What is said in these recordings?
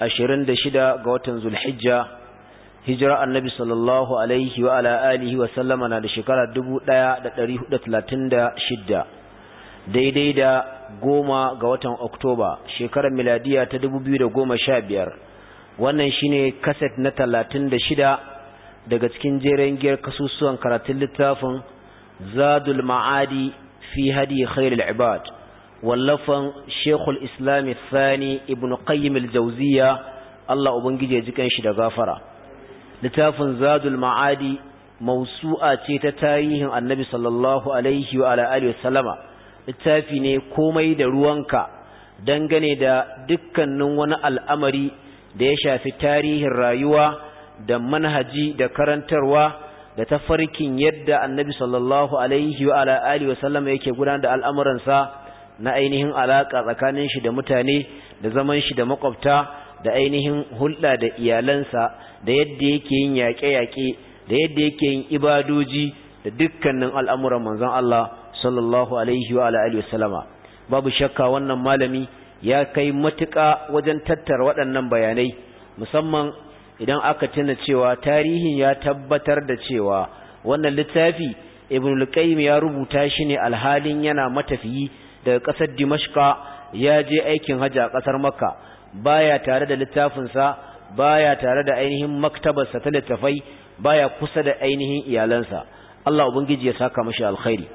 ashirin da shida ga watan zulhijja hijira annabi sallallahu alaihi wa ala alihi wa sallama na da shekara dubu ɗaya da ɗari hudu talatin da shidda daidai da goma ga watan oktoba shekarar miladiya ta dubu biyu da goma sha biyar wannan shine kaset na talatin da shida daga cikin jerin giyar kasusuwan karatun littafin zadul ma'adi fi hadi khairul ibad wallafan shekul islami thani ibn qayyim al-jauziya Allah ubangiji ya ji da gafara littafin zadul ma'adi mausu'a ce ta tarihin annabi sallallahu alaihi wa ala alihi wasallama littafi ne komai da ruwanka dangane da dukkanin wani al'amari da ya shafi tarihin rayuwa da manhaji da karantarwa da tafarkin yadda annabi sallallahu alaihi wa ala alihi wasallama yake gudanar da al'amuransa na ainihin alaƙa tsakanin shi da mutane da zaman shi da makwabta da ainihin hulɗa da iyalansa da yadda yake yin yaƙe-yaƙe da yadda yake yin ibadoji da dukkanin al'amuran manzon Allah sallallahu alaihi wa wasallama babu shakka wannan malami ya kai matuƙa wajen tattara waɗannan bayanai musamman idan aka tuna cewa tarihin ya tabbatar da cewa wannan littafi ibn ya rubuta shi ne alhalin yana matafiyi daga ƙasar dimashka ya je aikin hajji a ƙasar makka baya tare da littafinsa baya tare da ainihin maktabarsa ta littafai baya kusa da ainihin iyalansa Allah ubangiji ya saka mashi alkhairi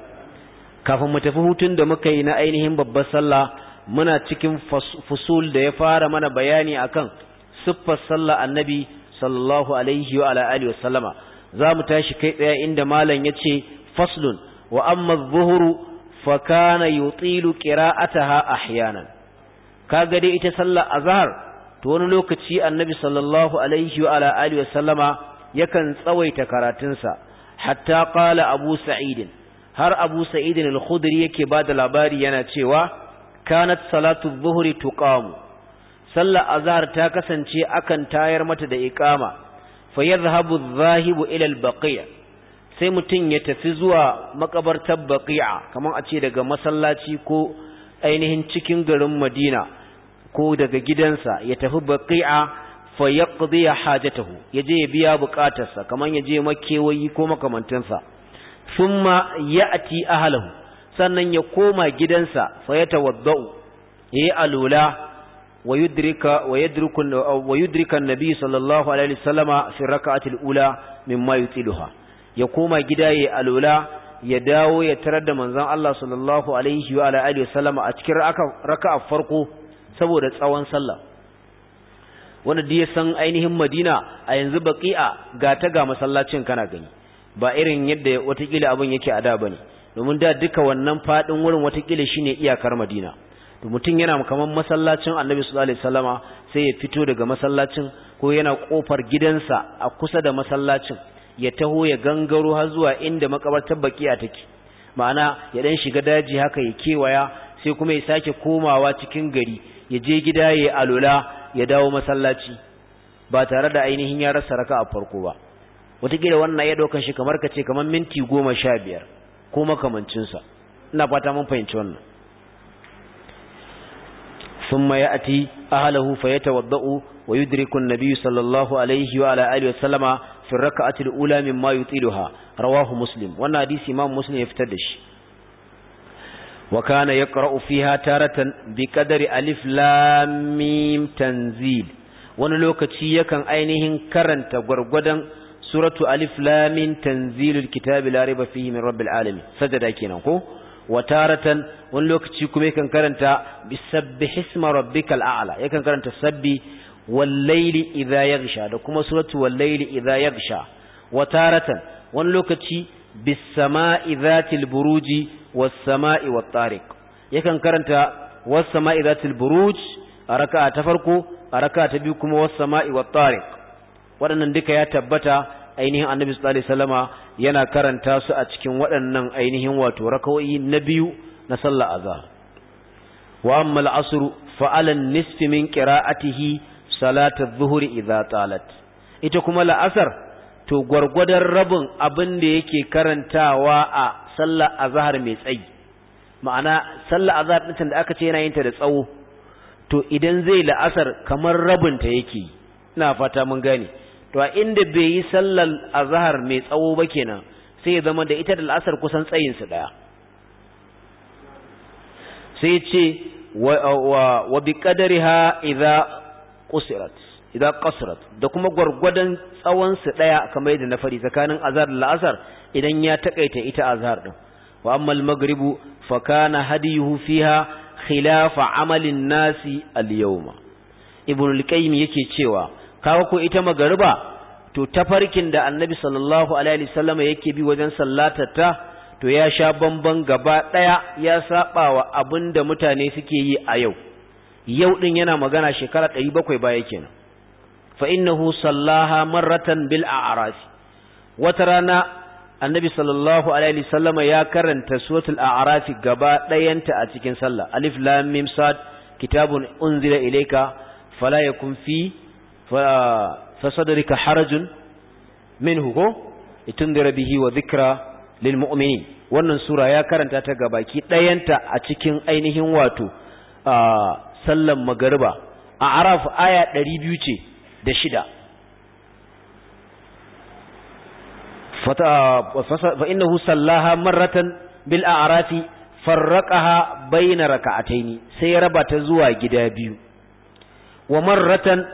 kafin mu tafi hutun da muka yi na ainihin babbar sallah muna cikin fusul da ya fara mana bayani akan siffar sallah annabi sallallahu alaihi wa alihi wasallama za mu tashi kai tsaye inda malam ce faslun wa amma adh fa kana yutilu qira'ataha ahyanan kaga dai ita sallar azhar to wani lokaci annabi sallallahu alaihi wa ala alihi wa sallama yakan tsawaita karatunsa hatta qala abu sa'id har abu sa'id al-khudri yake bada labari yana cewa kanat salatu dhuhri tuqamu sallar azhar ta kasance akan tayar mata da iqama fa yadhhabu adh-dhahibu ila al sai mutum ya tafi zuwa makabartar baqi'a kamar a ce daga masallaci ko ainihin cikin garin Madina ko daga gidansa ya tafi baqi'a fa haja hajatahu yaje ya biya bukatarsa kamar yaje makewayi ko makamantansa ya'ati ya'ti ahlahu sannan ya koma gidansa fa ya yayi alula wa yudrika wa yudrika nabi sallallahu alaihi wasallama fi rak'atil ula mimma yutiluha ya koma gida ya alula ya dawo ya tarar da manzon Allah sallallahu alaihi wa alihi wasallam a cikin raka'a farko saboda tsawon sallah wanda da ya san ainihin Madina a yanzu baqi'a ga ta ga masallacin kana gani ba irin yadda watakila abin yake ada da bane domin da duka wannan fadin wurin watakila shine iyakar Madina to mutum yana kamar masallacin Annabi sallallahu alaihi wasallama sai ya fito daga masallacin ko yana kofar gidansa a kusa da masallacin ya taho ya gangaro har zuwa inda makabartar bakiya take ma'ana ya dan shiga daji haka ya kewaya sai kuma ya sake komawa cikin gari ya je gida ya alula ya dawo masallaci ba tare da ainihin ya rasa raka a farko ba wataƙila wannan ya ɗaukar shi kamar ka ce kamar minti goma sha biyar ko makamancinsa ina fata mun fahimci wannan ثم يأتي أهله فيتوضأ ويدرك النبي صلى الله عليه وعلى آله وسلم fi raka'atul ula min mimma yutiluha rawahu muslim wannan hadisi imam muslim ya fitar da shi wa kana yaqra'u fiha taratan bi qadari alif lam mim tanzil wani lokaci yakan ainihin karanta gwargwadon suratu alif lam mim tanzilul kitabi la raiba fihi min rabbil alamin sajada kenan ko wa taratan wani lokaci kuma yakan karanta bisabbih isma rabbikal a'la yakan karanta sabbi wallaili idha yaghsha da kuma suratu wallaili idha yaghsha wa taratan wani lokaci bisama'i sama'i zatil buruji was sama'i wat tariq yakan karanta was sama'i zatil buruj a raka'a ta farko a raka'a ta biyu kuma was sama'i wat tariq waɗannan duka ya tabbata ainihin annabi sallallahu alaihi wasallama yana karanta su a cikin waɗannan ainihin wato raka'o'i na biyu na sallar azhar wa amma al-asr fa ala nisfi min qira'atihi salatul zuhuri idza talat ita kuma la'asar to gwargwadon rabin abin da yake karantawa a sallar azhar mai tsayi ma'ana sallar azhar din da aka ce yana yin ta da tsawo to idan zai la'asar kamar rabin ta yake ina fata mun gane to a inda bai yi sallar azhar mai tsawo ba kenan sai ya zama da ita da la'asar kusan tsayin su daya sai ce wa bi qadariha idza qusirat idan qasrat da kuma gwargwadon tsawon su daya kamar yadda na fari tsakanin azar da la'asar idan ya takaita ita azar din wa amma al-maghribu fa kana hadiyuhu fiha khilafa amalin nasi al-yawma ibn al-qayyim yake cewa kawo ko ita magariba to ta farkin da annabi sallallahu alaihi wasallam yake bi wajen ta to ya sha bamban gaba daya ya saba wa abinda mutane suke yi a yau yau din yana magana shekara 700 baya kenan fa innahu sallaha marratan bil a'raf wata rana annabi sallallahu alaihi wasallama ya karanta suratul a'raf gaba dayanta a cikin sallah alif lam mim sad kitabun unzila ilayka fala yakun fi fa sadrika harajun minhu ko itundira bihi wa dhikra lil mu'minin wannan sura ya karanta ta gabaki dayanta a cikin ainihin wato sallan magariba a araf aya 200 ce da shida fa innahu sallaha marratan bil a'rafi farraqaha bayna raka'ataini sai ya raba ta zuwa gida biyu wa marratan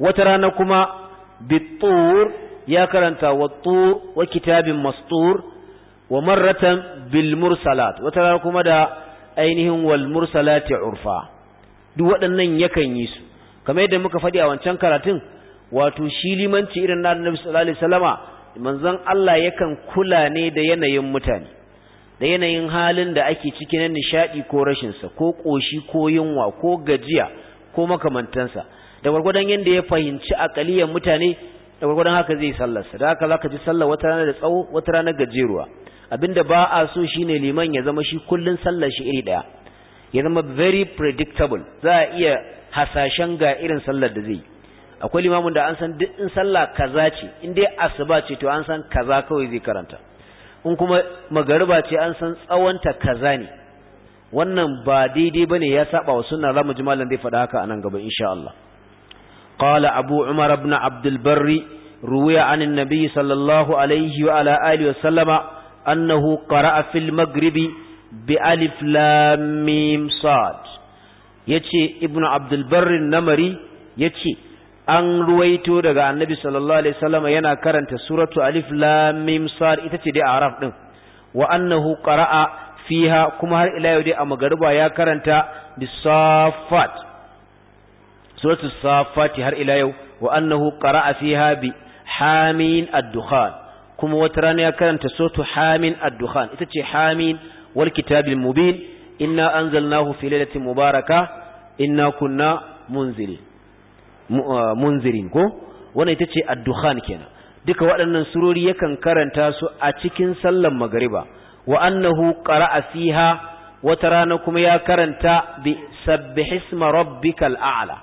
wata rana kuma bitur ya karanta wa tur wa kitabin mastur wa marratan bil mursalat wata rana kuma da ainihin wal mursalati urfa duk waɗannan yakan yi su kamar yadda muka faɗi a wancan karatun wato shi limanci irin na annabi sallallahu alaihi wasallama manzon Allah yakan kula ne da yanayin mutane da yanayin halin da ake ciki na nishaɗi ko rashinsa ko ƙoshi ko yunwa ko gajiya ko makamantansa da gwargwadon yadda ya fahimci akaliyan mutane da gwargwadon haka zai sallar. da haka zaka ji sallar wata rana da tsawo wata rana gajeruwa abinda ba a so shine liman ya zama shi kullun sallar shi iri daya ya zama very predictable za a iya hasashen ga irin sallar da zai akwai limamin da an san duk in sallah kaza ce in dai asuba ce to an san kaza kawai zai karanta in kuma magariba ce an san tsawonta kaza ne wannan ba daidai bane ya saba wa sunna zamu ji mallan zai faɗa haka anan gaba insha Allah qala abu umar ibn abd albar ruwiya an annabi sallallahu alaihi wa ala alihi wa sallama annahu qara'a fil maghribi bi alif lam mim sad yace ibnu abdul barr namari yace an ruwaito daga annabi sallallahu alaihi wasallam yana karanta suratu alif lam mim sad ita ce dai araf din wa annahu qara'a fiha kuma har ila yau a magariba ya karanta bisafat suratu safati har ila yau wa annahu qara'a fiha bi hamin ad kuma wata rana ya karanta suratu hamin ad ita ce wal kitabil mubin inna anzalnahu fi lailatin mubaraka inna kunna munziri uh, munzirin wannan ita ce ad kenan duka waɗannan surori yakan karanta su a cikin sallar magariba wa Kara Asiha, wata rana kuma ya karanta bi sabbihisma rabbikal a'la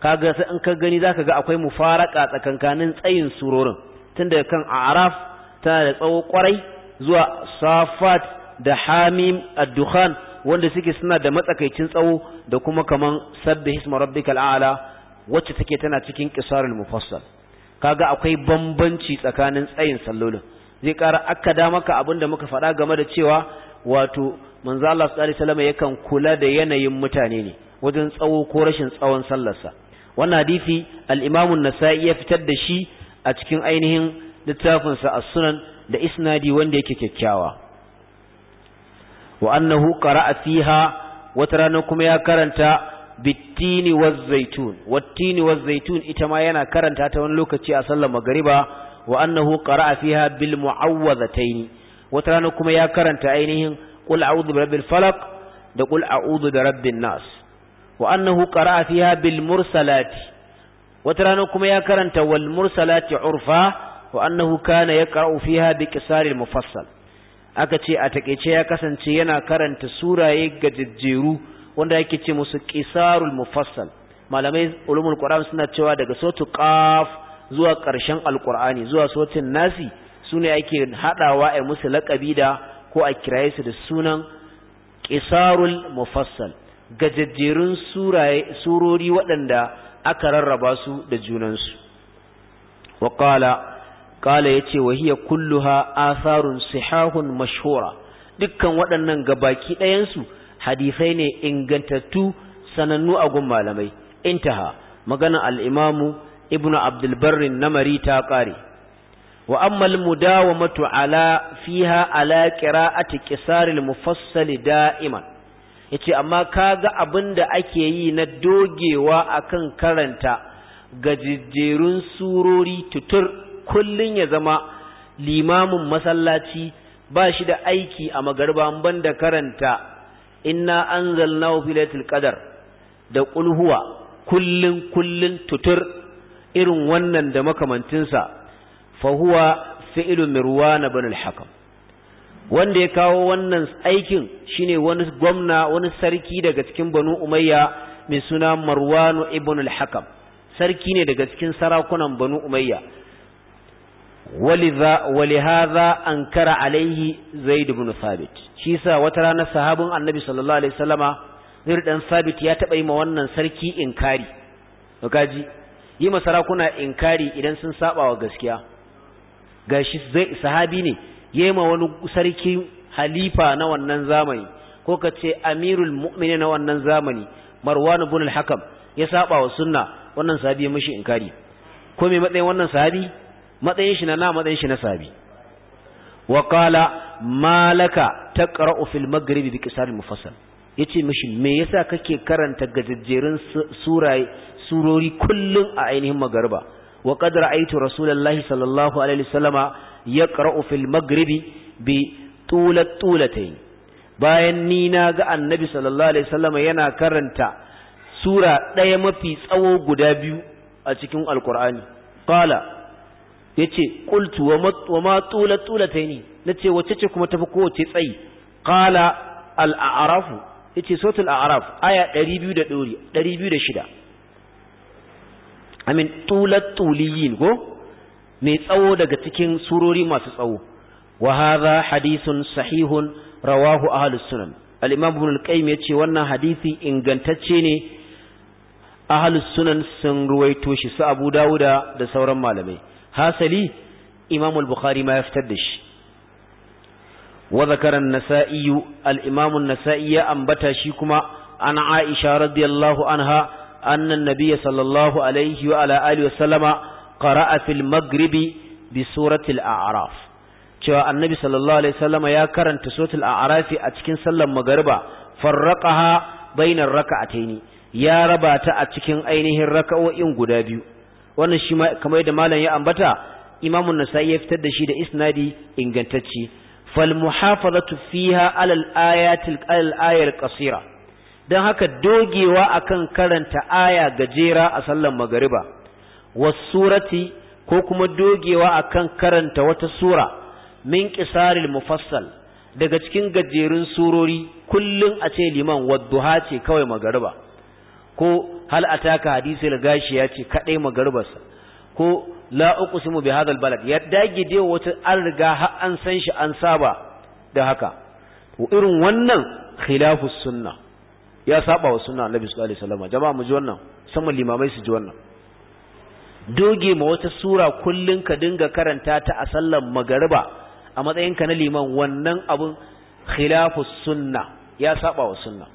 kaga sai in ka gani zaka ga akwai mufaraka tsakankanin tsayin surorin tunda kan a'raf tana da tsawo kwarai zuwa safat da hamim addukhan wanda suke suna da matsakaicin tsawo da kuma kaman sabbih hisma rabbikal a'la wacce take tana cikin qisarul mufassal kaga akwai bambanci tsakanin tsayin sallolin zai ƙara akkada maka abin da muka faɗa game da cewa wato manzo Allah sallallahu alaihi yakan kula da yanayin mutane ne wajen tsawo ko rashin tsawon sallarsa wannan hadisi al-Imam an-Nasa'i ya fitar da shi a cikin ainihin littafinsa as-Sunan da isnadi wanda yake kyakkyawa wa annahu qara'a fiha wata rana kuma ya karanta bittini waz zaitun wattini waz zaitun ita ma yana karanta ta wani lokaci a sallar magriba wa annahu qara'a fiha bil mu'awwadhatayn wata rana kuma ya karanta ainihin qul a'udhu bi rabbil falaq da qul a'udhu bi rabbin nas wa annahu qara'a fiha bil mursalati wata rana kuma ya karanta wal mursalati urfa wa annahu kana yaqra'u fiha bi qisaril mufassal aka ce a taƙaice ya kasance yana karanta suraye gajejjeru wanda yake ce musu qisarul mufassal malamai ulumul qur'an suna cewa daga sotu qaf zuwa ƙarshen alqur'ani zuwa sotin nasi sune ake hadawa ai musu laqabi da ko a kiraye su da sunan qisarul mufassal gajejjerun suraye surori waɗanda aka rarraba su da junansu wa qala kala yace wahiya hiya kulluha asarun sihahun mashhura dukkan waɗannan gabaki baki ɗayansu, hadisai ne ingantattu sanannu a gun malamai intaha magana al'imamu imamu ibnu na mari ta ƙare. wa amma al-mudawamatu ala fiha ala qira'ati qisar al-mufassal da'iman yace amma kaga abinda ake yi na dogewa akan karanta gajejjerun surori tutur kullun ya zama limamin masallaci ba shi da aiki a magarba ban da karanta inna anzalnahu fi qadar da kulhuwa kullun kullun tutur irin wannan da makamantinsa fahuwa huwa fi'lu mirwan ibn al-hakam wanda ya kawo wannan aikin shine wani gwamna wani sarki daga cikin banu umayya mai suna marwan ibn al-hakam sarki ne daga cikin sarakunan banu umayya ولهذا أنكر عليه زيد بن ثابت شيسا وترانا صحاب النبي صلى الله عليه وسلم زيد بن ثابت يتبعي موانا سركي إنكاري وكاجي يما سراكونا إنكاري إذن wa وغسكيا gashi zai sahabi ne yema wani sarki halifa na wannan zamani ko ka ce amirul mu'minin na wannan zamani marwan ibn al-hakam ya saba wa sunna wannan sahabi ya mishi inkari ko me matsayin wannan sahabi matsayin shi na na matsayin shi na sabi wa qala malaka taqra'u fil maghribi bi qisar mufassal yace mishi me yasa kake karanta gajejjerun surai surori kullun a ainihin magariba wa qad ra'aytu rasulullahi sallallahu alaihi wasallama yaqra'u fil maghribi bi tulat tulatayn bayan ni na ga annabi sallallahu alaihi wasallama yana karanta sura ɗaya mafi tsawo guda biyu a cikin alkur'ani qala yace ƙultu wa ma tula na ce wacce ce kuma tafi kowace tsayi qala al'arafu ya yace suratul al'arafu aya biyu da dori 206 amin tulat tuliyin ko. mai tsawo daga cikin surori masu tsawo wa haza hadisun sahihun rawahu a sunan al’imam bin ibn al ce yace wannan hadisi ingantacce ne a sunan sun ruwaito shi su abu dawuda da sauran malamai hasali imam al-bukhari ma ya fitar da shi wa zakara an-nasa'i ya ambata shi kuma an aisha radiyallahu anha anna an-nabiy sallallahu alaihi wa ala alihi wa sallama qara'a bi surati al-a'raf cewa annabi sallallahu alaihi wasallama ya karanta suratul a'raf a cikin sallar magriba farraqaha bainar raka'ataini ya raba ta a cikin ainihin raka'o'in guda biyu wannan shi kamar yadda malam ya ambata imamu nasa'i ya fitar da shi da isnadi Ingantacci fal muhafazatu fiha alal ayatil alal ayar qasira dan haka dogewa akan karanta aya gajera a sallar magariba was surati ko kuma dogewa akan karanta wata sura min qisaril mufassal daga cikin gajerun surori kullun a ce liman wadduha ce kawai magariba ko hal ataka da gashi ya ce kadai magarbarsa ko la uqsimu bi hadal balad ya dage dai wata an riga har an san shi an saba da haka to irin wannan khilafus sunna ya saba wa sunna annabi sallallahu alaihi wasallam jama'a mu ji wannan sama limamai su ji wannan doge ma wata sura kullun ka dinga karanta ta a sallan magariba a matsayinka na liman wannan abun khilafus sunna ya saba wa sunna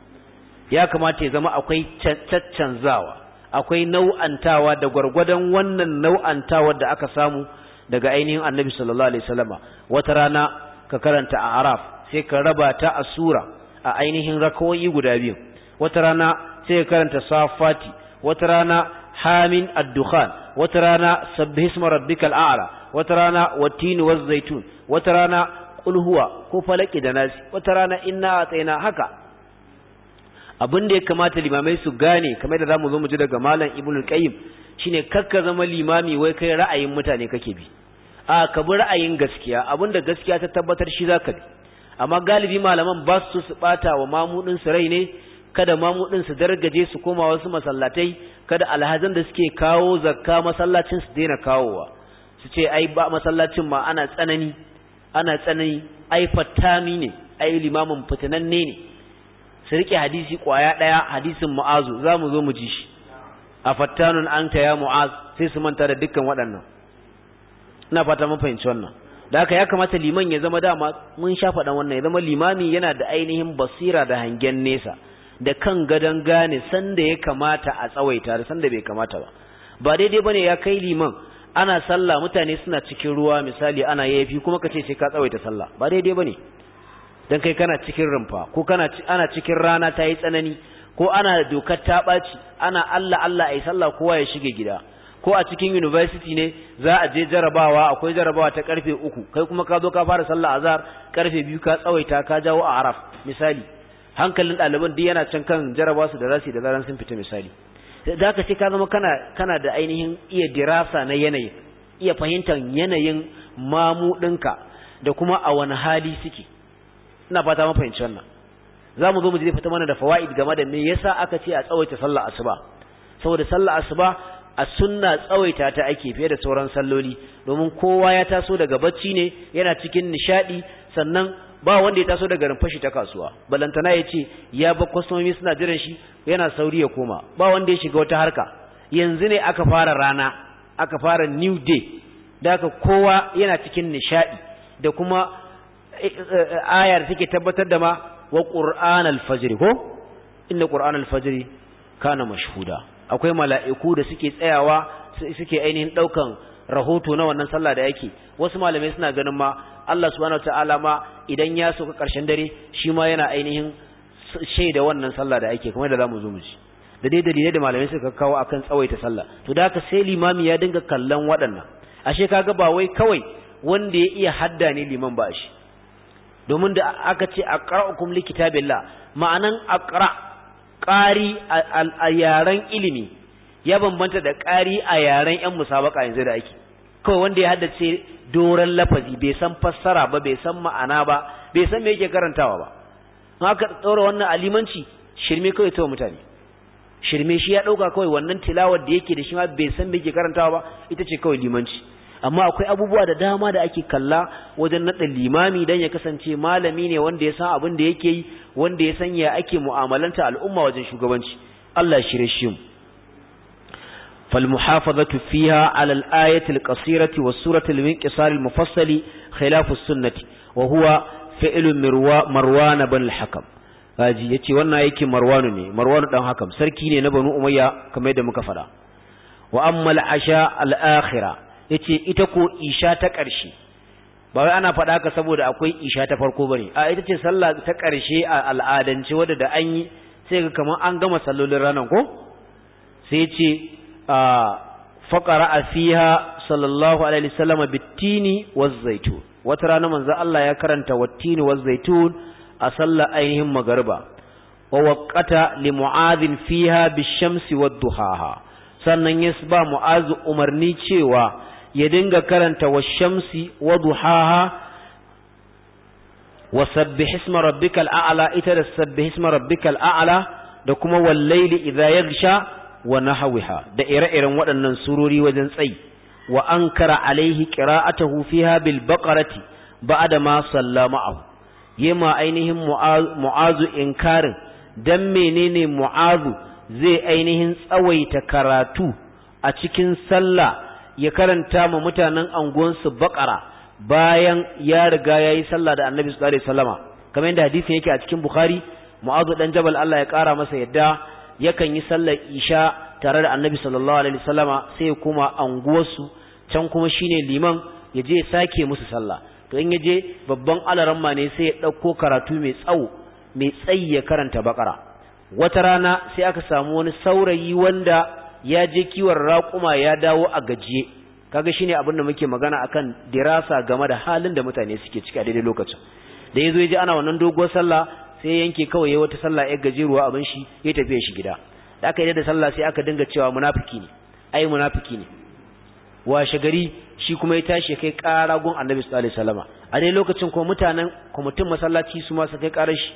ya kamata ya zama akwai caccanzawa akwai nau'antawa da gwargwadon wannan nau'antawa da aka samu daga ainihin annabi sallallahu alaihi wasallama wata rana ka karanta a araf sai ka raba ta a sura a ainihin rakawoyi guda biyu wata rana sai ka karanta safati wata rana hamin addukhan wata rana sabbih isma rabbikal a'la wata rana watini waz zaitun wata rana qul huwa ko falaki da nasi wata rana inna atayna haka abin da ya kamata limamai su gane kamar da zamu zo mu ji daga malam ibnu qayyim shine kakka zama limami wai kai ra'ayin mutane kake bi a ka bi ra'ayin gaskiya abin da gaskiya ta tabbatar shi zaka bi amma galibi malaman ba su su bata wa mamudin su rai ne kada mamudin su dargaje su koma wasu masallatai kada alhazan da suke kawo zakka masallacin su daina kawowa su ce ai ba masallacin ma ana tsanani ana tsanani ai fatami ne ai limamin fitananne ne su rike hadisi kwaya daya hadisin mu'azu za mu zo mu ji shi a fattanun an ya mu'az sai su manta da dukkan waɗannan ina fata mun fahimci wannan da haka ya kamata liman ya zama dama mun sha faɗan wannan ya zama limami yana da ainihin basira da hangen nesa da kan gadon gane sanda ya kamata a tsawaita da sanda bai kamata ba ba daidai bane ya kai liman ana sallah mutane suna cikin ruwa misali ana yafi kuma ka ce sai ka tsawaita sallah ba daidai bane dan kai kana cikin rumfa ko kana ana cikin rana ta yi tsanani ko ana dokar ta ɓaci ana Allah Allah ai sallah kowa ya shige gida ko a cikin university ne za a je jarabawa akwai jarabawa ta karfe uku kai kuma ka zo ka fara sallah azhar karfe biyu ka tsawaita ka jawo a araf misali hankalin ɗaliban duk yana can kan jarabawa su da za su da zaran sun fita misali za ka ce ka zama kana kana da ainihin iya dirasa na yanayin iya fahimtar yanayin mamu ɗinka da kuma a wani hali suke ina fata mun fahimci wannan mu zo mu je fita mana da fawaid game da me yasa aka ce a tsawaita sallar asuba saboda sallar asuba a sunna tsawaita ta ake fiye da sauran salloli domin kowa ya taso daga bacci ne yana cikin nishadi sannan ba wanda ya taso daga rumfashi ta kasuwa balantana ya ce ya ba kwastomomi suna jiran shi yana sauri ya koma ba wanda ya shiga wata harka yanzu ne aka fara rana aka fara new day da aka kowa yana cikin nishadi da kuma ayar take tabbatar da ma wa qur'an al-fajr ko inna qur'an al-fajr kana mashhuda akwai mala'iku da suke tsayawa suke ainihin daukan rahoto na wannan sallah da yake wasu malamai suna ganin ma Allah subhanahu wataala ma idan ya soka karshen dare shi ma yana ainihin shaida wannan sallah da ake kuma da zamu zo mu ji da dai dalilai da malamai suka kawo akan tsawaita sallah to da haka sai limami ya dinga kallon waɗannan ashe kaga ba wai kawai wanda ya iya hadda ne liman ba shi domin da aka ce a aqra'ukum likitabillah ma'anan ƙara ƙari a yaren ilimi ya bambanta da ƙari a yaren yan musabaka yanzu da ake kawai wanda ya haddace doron lafazi bai san fassara ba bai san ma'ana ba bai san me yake karantawa ba aka tsoro wannan alimanci shirme kawai tawa mutane shirme shi ya ɗauka kawai wannan tilawar da yake da shi ma bai san me yake karantawa ba ita ce kawai limanci amma akwai abubuwa da dama da ake kalla wajen naɗa limami dan ya kasance malami ne wanda ya san abin da yake yi wanda ya san ya ake mu'amalanta al'umma wajen shugabanci Allah shi rashi mu فالمحافظة فيها على الآية القصيرة والسورة المنقصار المفصل خلاف السنة وهو فعل مروان بن الحكم haji yace wannan yake marwanu ne marwanu dan hakam sarki ne na banu umayya kamar yadda muka fada wa amma al-asha al-akhira yace ita ko isha ta ƙarshe ba wai ana faɗa ka saboda akwai isha ta farko bane a ita ce sallah ta ƙarshe a al'adance wadda da an yi sai ga kamar an gama sallolin ranar ko sai yace faqara fiha sallallahu alaihi wasallam bitini zaitun wata rana manzo Allah ya karanta wattini zaitun a sallar ainihin magariba ووقت fiha فيها بالشمس والضحاها sannan ya ba mu'azu umarni cewa ya dinga karanta wa shamsi wa duhaha wa sabbih isma rabbikal a'la ita da sabbih isma rabbikal a'la da kuma wal layli idha yaghsha wa nahwiha da ire-iren waɗannan surori wajen tsayi wa ankara alaihi qira'atuhu fiha bil baqarati ba'da ma sallama ahu yema ainihin mu'azu inkarin dan menene mu'azu zai ainihin tsawaita karatu a cikin sallah ya karanta ma mutanen anguwansu bakara bayan ya riga ya yi sallah da annabi sallallahu alaihi wasallama kamar yadda hadisin yake a cikin bukhari mu'azu dan jabal Allah ya kara masa yadda yakan yi sallar isha tare da annabi sallallahu alaihi wasallama sai kuma anguwarsu can kuma shine liman ya je sake musu sallah to in ya je babban alaramma ne sai ya ɗauko karatu mai tsawo mai tsayi ya karanta bakara wata rana sai aka samu wani saurayi wanda ya je kiwon raƙuma ya dawo a gajiye kaga shine abin da muke magana akan dirasa game da halin da mutane suke ciki a daidai lokacin da yazo yaji ana wannan doguwar sallah sai yanke kawai wata sallah ya gajeruwa abin shi ya tafi shi gida da aka yi da sallah sai aka dinga cewa munafiki ne ai munafiki ne washe gari shi kuma ya tashi kai ƙara gun annabi sallallahu alaihi wasallama a dai lokacin kuma mutanen kwamitin masallaci su ma su kai ƙarar shi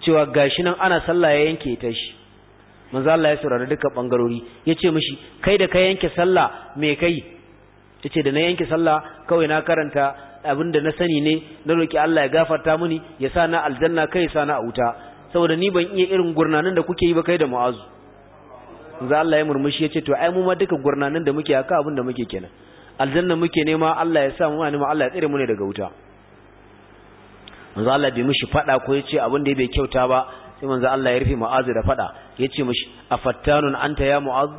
cewa gashi nan ana sallah ya yanke ya tashi manzo Allah ya saurari duka bangarori yace mishi kai da ka yanke sallah me kai yace da na yanke sallah kawai na karanta abinda na sani ne na roki Allah ya gafarta mini ya sa na aljanna kai sa na a saboda ni ban iya irin gurnanin da kuke yi ba kai da mu'azu manzo Allah ya murmushi yace to ai mu ma duka gurnanin da muke haka abinda muke kenan aljanna muke nema Allah ya sa mu ma Allah ya tsire mu ne daga wuta manzo Allah bai mishi fada ko yace abin da bai kyauta ba sai manzo Allah ya rufe Mu'az da fada yace mishi afattanun anta ya Mu'az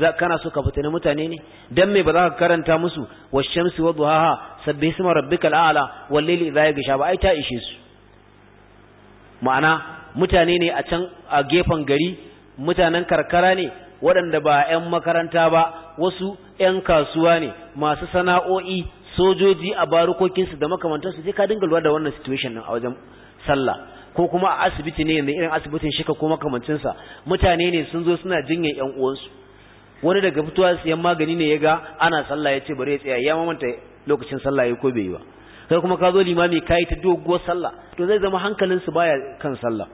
za kana so ka fitini mutane ne dan me ba za ka karanta musu wa shamsi wa duhaha sabbihi isma rabbikal a'la wal layli idha yaghsha ba ai ta ishe su ma'ana mutane ne a can a gefen gari mutanen karkara ne waɗanda ba ƴan makaranta ba wasu ƴan kasuwa ne masu sana'o'i sojoji a barukokinsu da makamantansu sai ka dinga lura da wannan situation a wajen sallah ko kuma a asibiti ne yanzu irin asibitin shika ko makamancinsa mutane ne sun zo suna jinyar yan uwansu wani daga fitowa siyan magani ne ya ga ana sallah ya ce bari ya tsaya ya mamanta lokacin sallah ya ko bai yi ba sai kuma ka zo limami ka yi ta doguwar sallah to zai zama hankalinsu baya kan sallah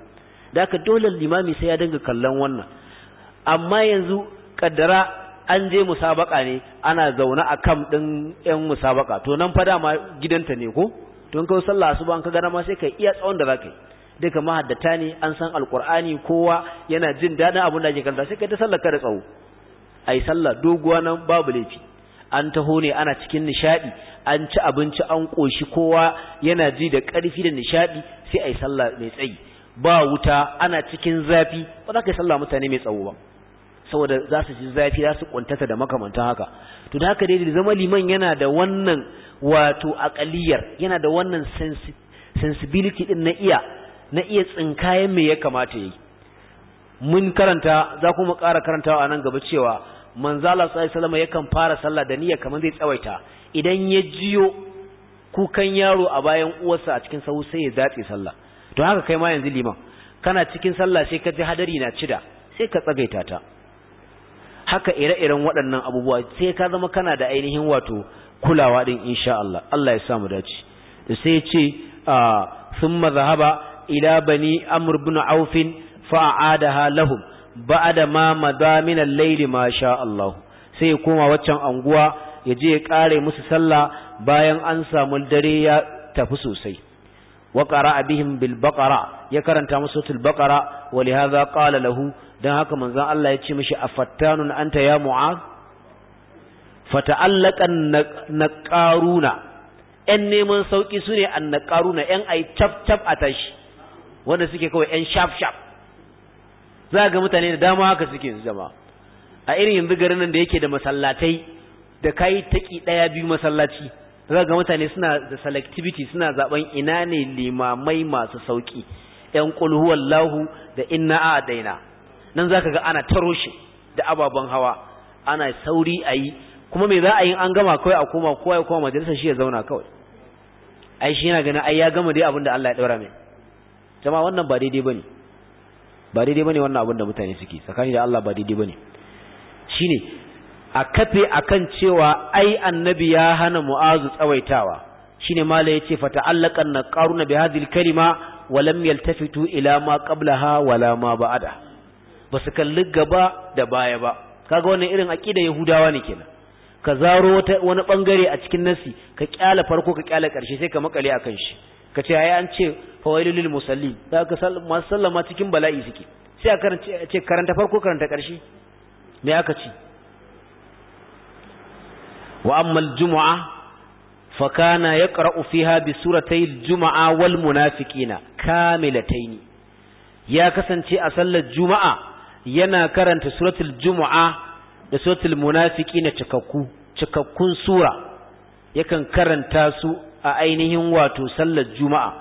da aka dole limami sai ya dinga kallon wannan amma yanzu kaddara an je musabaka ne ana zauna a kam ɗin yan musabaka to nan fa dama gidanta ne ko to in ka sallah asuba an ka gana ma sai ka iya tsawon da za ka duka mahaddata ne an san alqur'ani kowa yana jin daɗin abin da ake kanta sai kai ta sallar ka da tsawo ai sallah doguwa nan babu laifi an taho ne ana cikin nishaɗi, an ci abinci an koshi kowa yana ji da ƙarfi da nishaɗi, sai ai sallah mai tsayi ba wuta ana cikin zafi ba za ka yi sallah mutane mai tsawo ba saboda za su ji zafi za su kuntata da makamantan haka to da haka dai da zama liman yana da wannan wato akaliyar yana da wannan sensibility din na iya na iya tsinkaye me ya kamata yi mun karanta za kuma ƙara karantawa a nan gaba cewa manzala sallallahu alaihi yakan fara sallah da niyya kamar zai tsawaita idan ya jiyo kukan yaro a bayan uwarsa a cikin sahu sai ya datse sallah to haka kai ma yanzu liman kana cikin sallah sai ka ji hadari na cida sai ka tsagaita ta haka ire-iren waɗannan abubuwa sai ka zama kana da ainihin wato kulawa din insha Allah Allah ya samu dace sai ya ce ah, thumma zahaba ila bani amr ibn auf fa'adaha lahum ba'da ma da ma al-layl masha allahu Allah sai koma waccan anguwa ya je ya kare musu sallah bayan an samu dare ya tafi sosai waƙara a bihin bil baqara ya karanta musu suratul baqara wa lihadha qala lahu dan haka manzon Allah ya ce mishi afattanun anta ya mu'az fata'allaqan naqaruna ‘yan neman sauƙi su ne annaqaruna ‘yan ayi cap cap a tashi wanda suke kawai yan sharp sharp za ga mutane da dama haka suke su jama'a a irin yanzu garin nan da yake da masallatai da kai taki daya biyu masallaci za ga mutane suna da selectivity suna zaben ina ne limamai masu sauki yan qul huwallahu da inna a'daina nan za ka ga ana taro da ababen hawa ana sauri ayi kuma me za a yi an gama kawai a koma kowa ya koma majalisar shi ya zauna kawai ai shi yana ganin ai ya gama dai abin da Allah ya daura mai jama'a wannan ba daidai bane ba daidai bane wannan abin da mutane suke tsakani da Allah ba daidai bane shine a kafe akan cewa ai annabi ya hana mu'azu tsawaitawa shine mala yace fata'allaqa an-qaruna bi hadhihi kalima wa lam yaltafitu ila ma qablaha wala ma ba'da basu kalli gaba da baya ba kaga wannan irin aqida yahudawa ne kenan ka zaro wani bangare a cikin nasi ka kyala farko ka kyala karshe sai ka makale akan shi ka ce ya ce fawailul lil musallin za ka masu sallama cikin bala'i suke sai a ce karanta farko karanta ƙarshe me aka ce wa amma Fakana ya fa kana yaqra'u suratai bi suratay al-jumu'a wal ya kasance a sallar juma'a yana karanta suratul Juma'a da suratul munafikina cikakku cikakkun sura yakan karanta su a ainihin wato sallar juma'a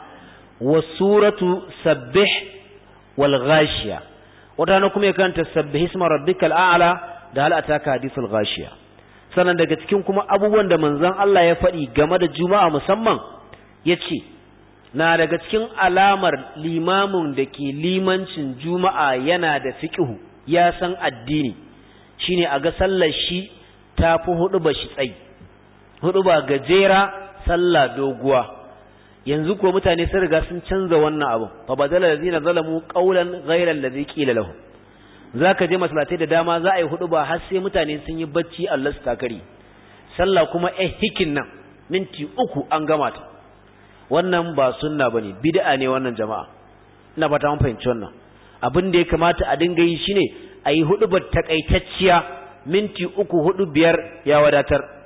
wa suratu sabbih wal ghashiya wata na kuma ya karanta sabbih isma rabbikal a'la da hal ataka hadithul ghashiya sannan daga cikin kuma abubuwan da manzon Allah ya faɗi game da juma'a musamman yace na daga cikin alamar limamin da ke limancin juma'a yana da fiqhu ya san addini shine a ga sallar shi tafi hudu ba shi tsayi hudu ba gajera sallah doguwa yanzu ko mutane sun riga sun canza wannan abu fa badala allazina zalamu qawlan ghayra allazi qila lahu zaka je masallatai da dama za a yi hudu ba har sai mutane sun yi bacci Allah su takari sallah kuma eh hikin nan minti uku an gama ta wannan ba sunna bane bid'a ne wannan jama'a ina fata mun fahimci wannan abin da ya kamata a dinga yi shine a yi hudu ba takaitacciya minti uku hudu biyar ya wadatar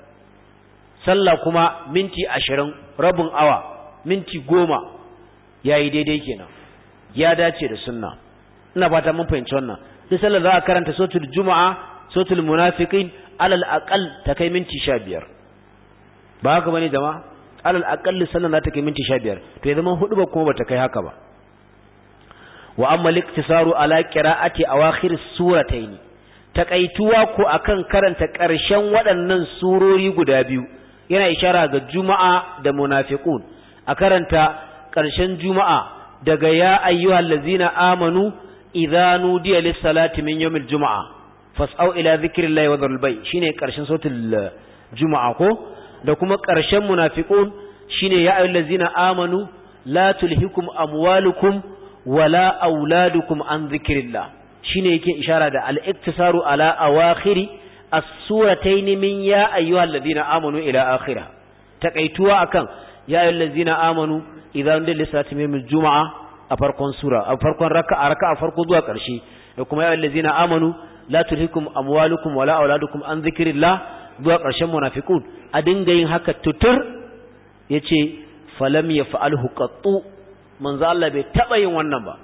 sallah kuma minti ashirin rabin awa minti goma ya yi daidai kenan ya dace da sunna ina fata mun fahimci wannan duk sallar za a karanta sotul juma'a sotul munafiqin alal aqal ta kai minti sha biyar ba haka bane jama'a alal aqalli sallar ta kai minti sha biyar to ya zama hudu ba kuma ba ta kai haka ba wa amma liktisaru ala qira'ati awakhir surataini takaituwa ko akan karanta karshen waɗannan surori guda biyu yana ishara ga juma'a da munafiqun a karanta ƙarshen juma'a daga ya ayyuhal ladzina amanu idza nudiya lis salati min yawmil juma'a fas'au ila dhikrillahi wa dhul bay shine ƙarshen sautul eh, juma'a ko da kuma ƙarshen munafiqun shine ya ayyuhal ladzina amanu la tulhikum amwalukum wala auladukum an dhikrillah shine yake ishara da al-iktisaru ala awakhiri as-suratayn min ya ayyuhal amanu ila akhirah takaituwa akan ya ayyuhal ladina amanu idan da lisati min juma'a a farkon sura a farkon raka'a raka'a farko zuwa karshe da kuma ya ayyuhal amanu la tulhikum amwalukum wala auladukum an dhikrillah zuwa karshen munafiqun a dinga yin haka tutur yace falam yaf'alhu qattu manzo Allah bai taba yin wannan ba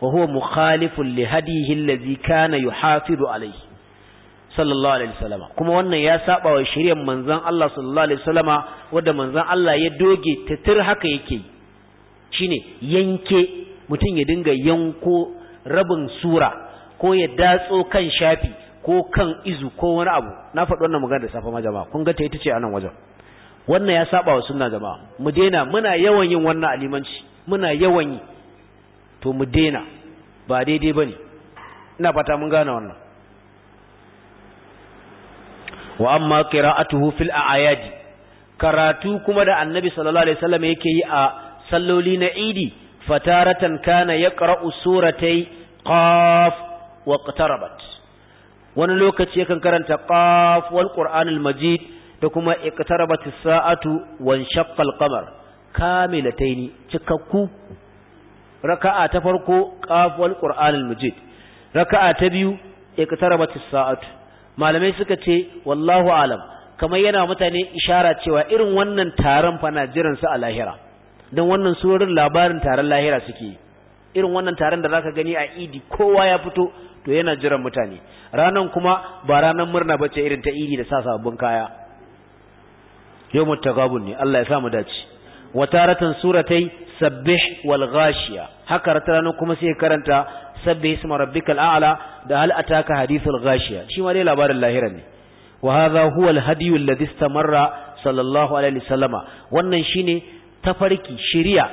wa huwa mukhalifun li hadihi allazi kana yuhafidu alayhi sallallahu alaihi wasallama kuma wannan ya saba wa shari'ar manzon Allah sallallahu alaihi wasallama wanda manzon Allah ya doge tatir haka yake shine yanke mutum ya dinga yanko rabin sura ko ya datso kan shafi ko kan izu ko wani abu na faɗi wannan magana da safa ma jama'a kun ga ta ita ce a nan wajen wannan ya saba wa sunna jama'a mu daina muna yawan yin wannan alimanci muna yawan yi to mu daina ba daidai bane ina fata mun gane wannan wa amma qira'atuhu fil a'yad karatu kuma da annabi sallallahu alaihi wasallam yake yi a salloli na idi fataratan kana yaqra'u suratai qaf wa wani lokaci yakan karanta qaf wal qur'anul majid da kuma iqtarabat as-sa'atu wa shaqqa al-qamar kamilataini cikakku raka'a ta farko qaf wal qur'anul majid raka'a ta biyu iqtarabat as-sa'atu malamai suka ce wallahu alam kamar yana mutane ishara cewa irin wannan taron fa na jiran su a lahira don wannan surorin labarin taron lahira suke irin wannan taron da zaka gani a idi kowa ya fito to yana jiran mutane ranan kuma ba ranan murna bace irin ta idi da sa sababbin kaya Yau tagabun ne Allah ya sa mu dace wataratan suratai sabbih wal ghashiya haka ranan kuma sai karanta sabbi isma rabbikal a'la da hal ataka hadithul ghashiya shi ma dai labarin lahira ne wa hadha huwa al hadi alladhi istamarra sallallahu alaihi wasallama wannan shine tafarki shiriya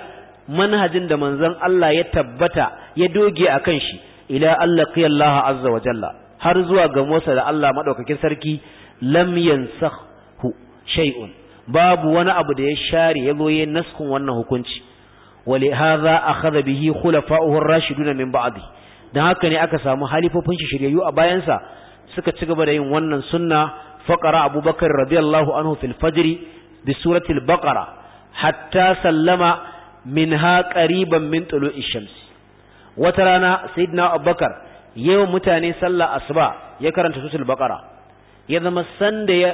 manhajin da manzon Allah ya tabbata ya doge akan shi ila allaqiya Allah azza wa jalla har zuwa ga Musa da Allah madaukakin sarki lam yansakhu shay'un babu wani abu da ya share ya zo yayin naskun wannan hukunci za ولهذا أخذ به خلفاؤه الراشدون من بعده dan haka ne aka samu halifofin shi shiryayyu a bayansa suka ci gaba da yin wannan sunna faqara abubakar radiyallahu anhu filfajiri fajr bi suratil hatta sallama minha qariban min tulu'i shams wata rana sayyidina abubakar yayin mutane sallah asuba ya karanta suratul baqara ya zama sanda ya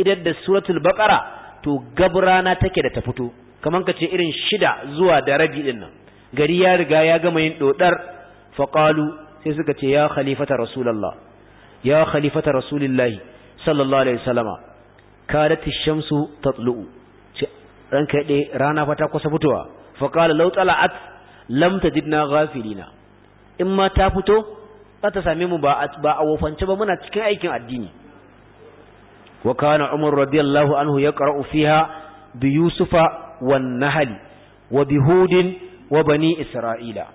idar da suratul baqara to gabrana take da ta fito kaman ka ce irin shida zuwa da rabi din nan gari ya riga ya gama yin dodar faqalu sai suka ce ya khalifata rasulullah ya khalifata rasulillahi sallallahu alaihi wasallama kadat ash-shamsu tatlu'u ranka dai rana fa ta kusa fitowa faqala law tala'at lam tajidna ghafilina in ma ta fito za ta same mu ba ba a wofance ba muna cikin aikin addini wa kana umar radiyallahu anhu yaqra'u fiha bi yusufa wan nahli wa bihudin wa bani isra'ila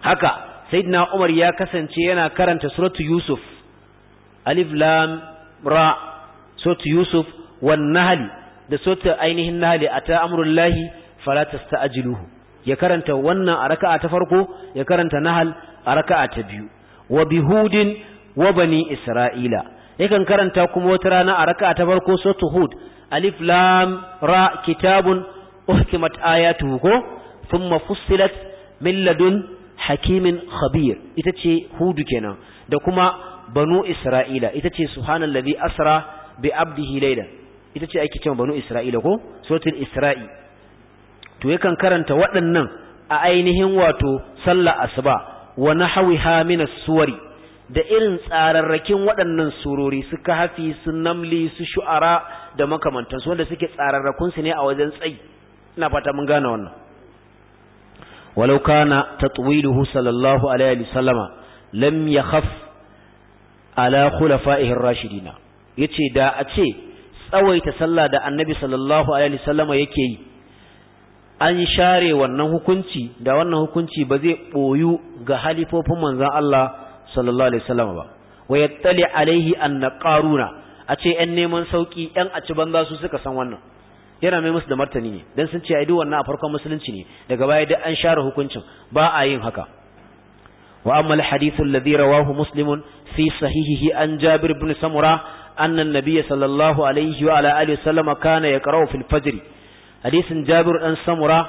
haka sayyidina umar ya kasance yana karanta suratu yusuf alif lam ra yusuf wan da suratu ainihin nahali ata amrullahi fala tasta'jiluhu ya karanta wannan a raka'a ta farko ya karanta nahal a raka'a ta biyu wa bihudin wa bani isra'ila yakan karanta kuma wata rana a raka'a ta farko suratu hud alif lam ra kitabun uhkimat ayatuhu ko thumma fussilat min ladun hakimin khabir ita ce hudu kenan da kuma banu isra'ila ita ce subhanallazi asra bi abdihi layla ita ce ake cewa banu isra'ila ko suratul isra'i to yakan karanta waɗannan a ainihin wato sallah, asuba wa nahwiha min as-suwari da irin tsararrakin waɗannan surori su kahafi su namli su shu'ara da makamantansu wanda suke tsararrakunsu ne a wajen tsayi ina fata mun gane wannan walau kana tatwiluhu sallallahu alaihi wasallama lam yakhaf ala khulafa'ihi ar-rashidina yace da a ce tsawaita sallah da annabi sallallahu alaihi sallam yake yi an share wannan hukunci da wannan hukunci ba zai boyu ga halifofin manzon Allah sallallahu alaihi sallam ba wa yattali alaihi anna qaruna a ce yan neman sauƙi yan a ci banza su suka san wannan yana mai musu da martani ne don sun ce ai duk wannan a farkon musulunci ne daga baya duk an share hukuncin ba a yin haka wa amma alhadithu alladhi rawahu muslim fi sahihihi an jabir ibn samura anna an-nabiy sallallahu alayhi wa ala alihi wasallam kana yaqra'u fil fajr hadisin jabir dan samura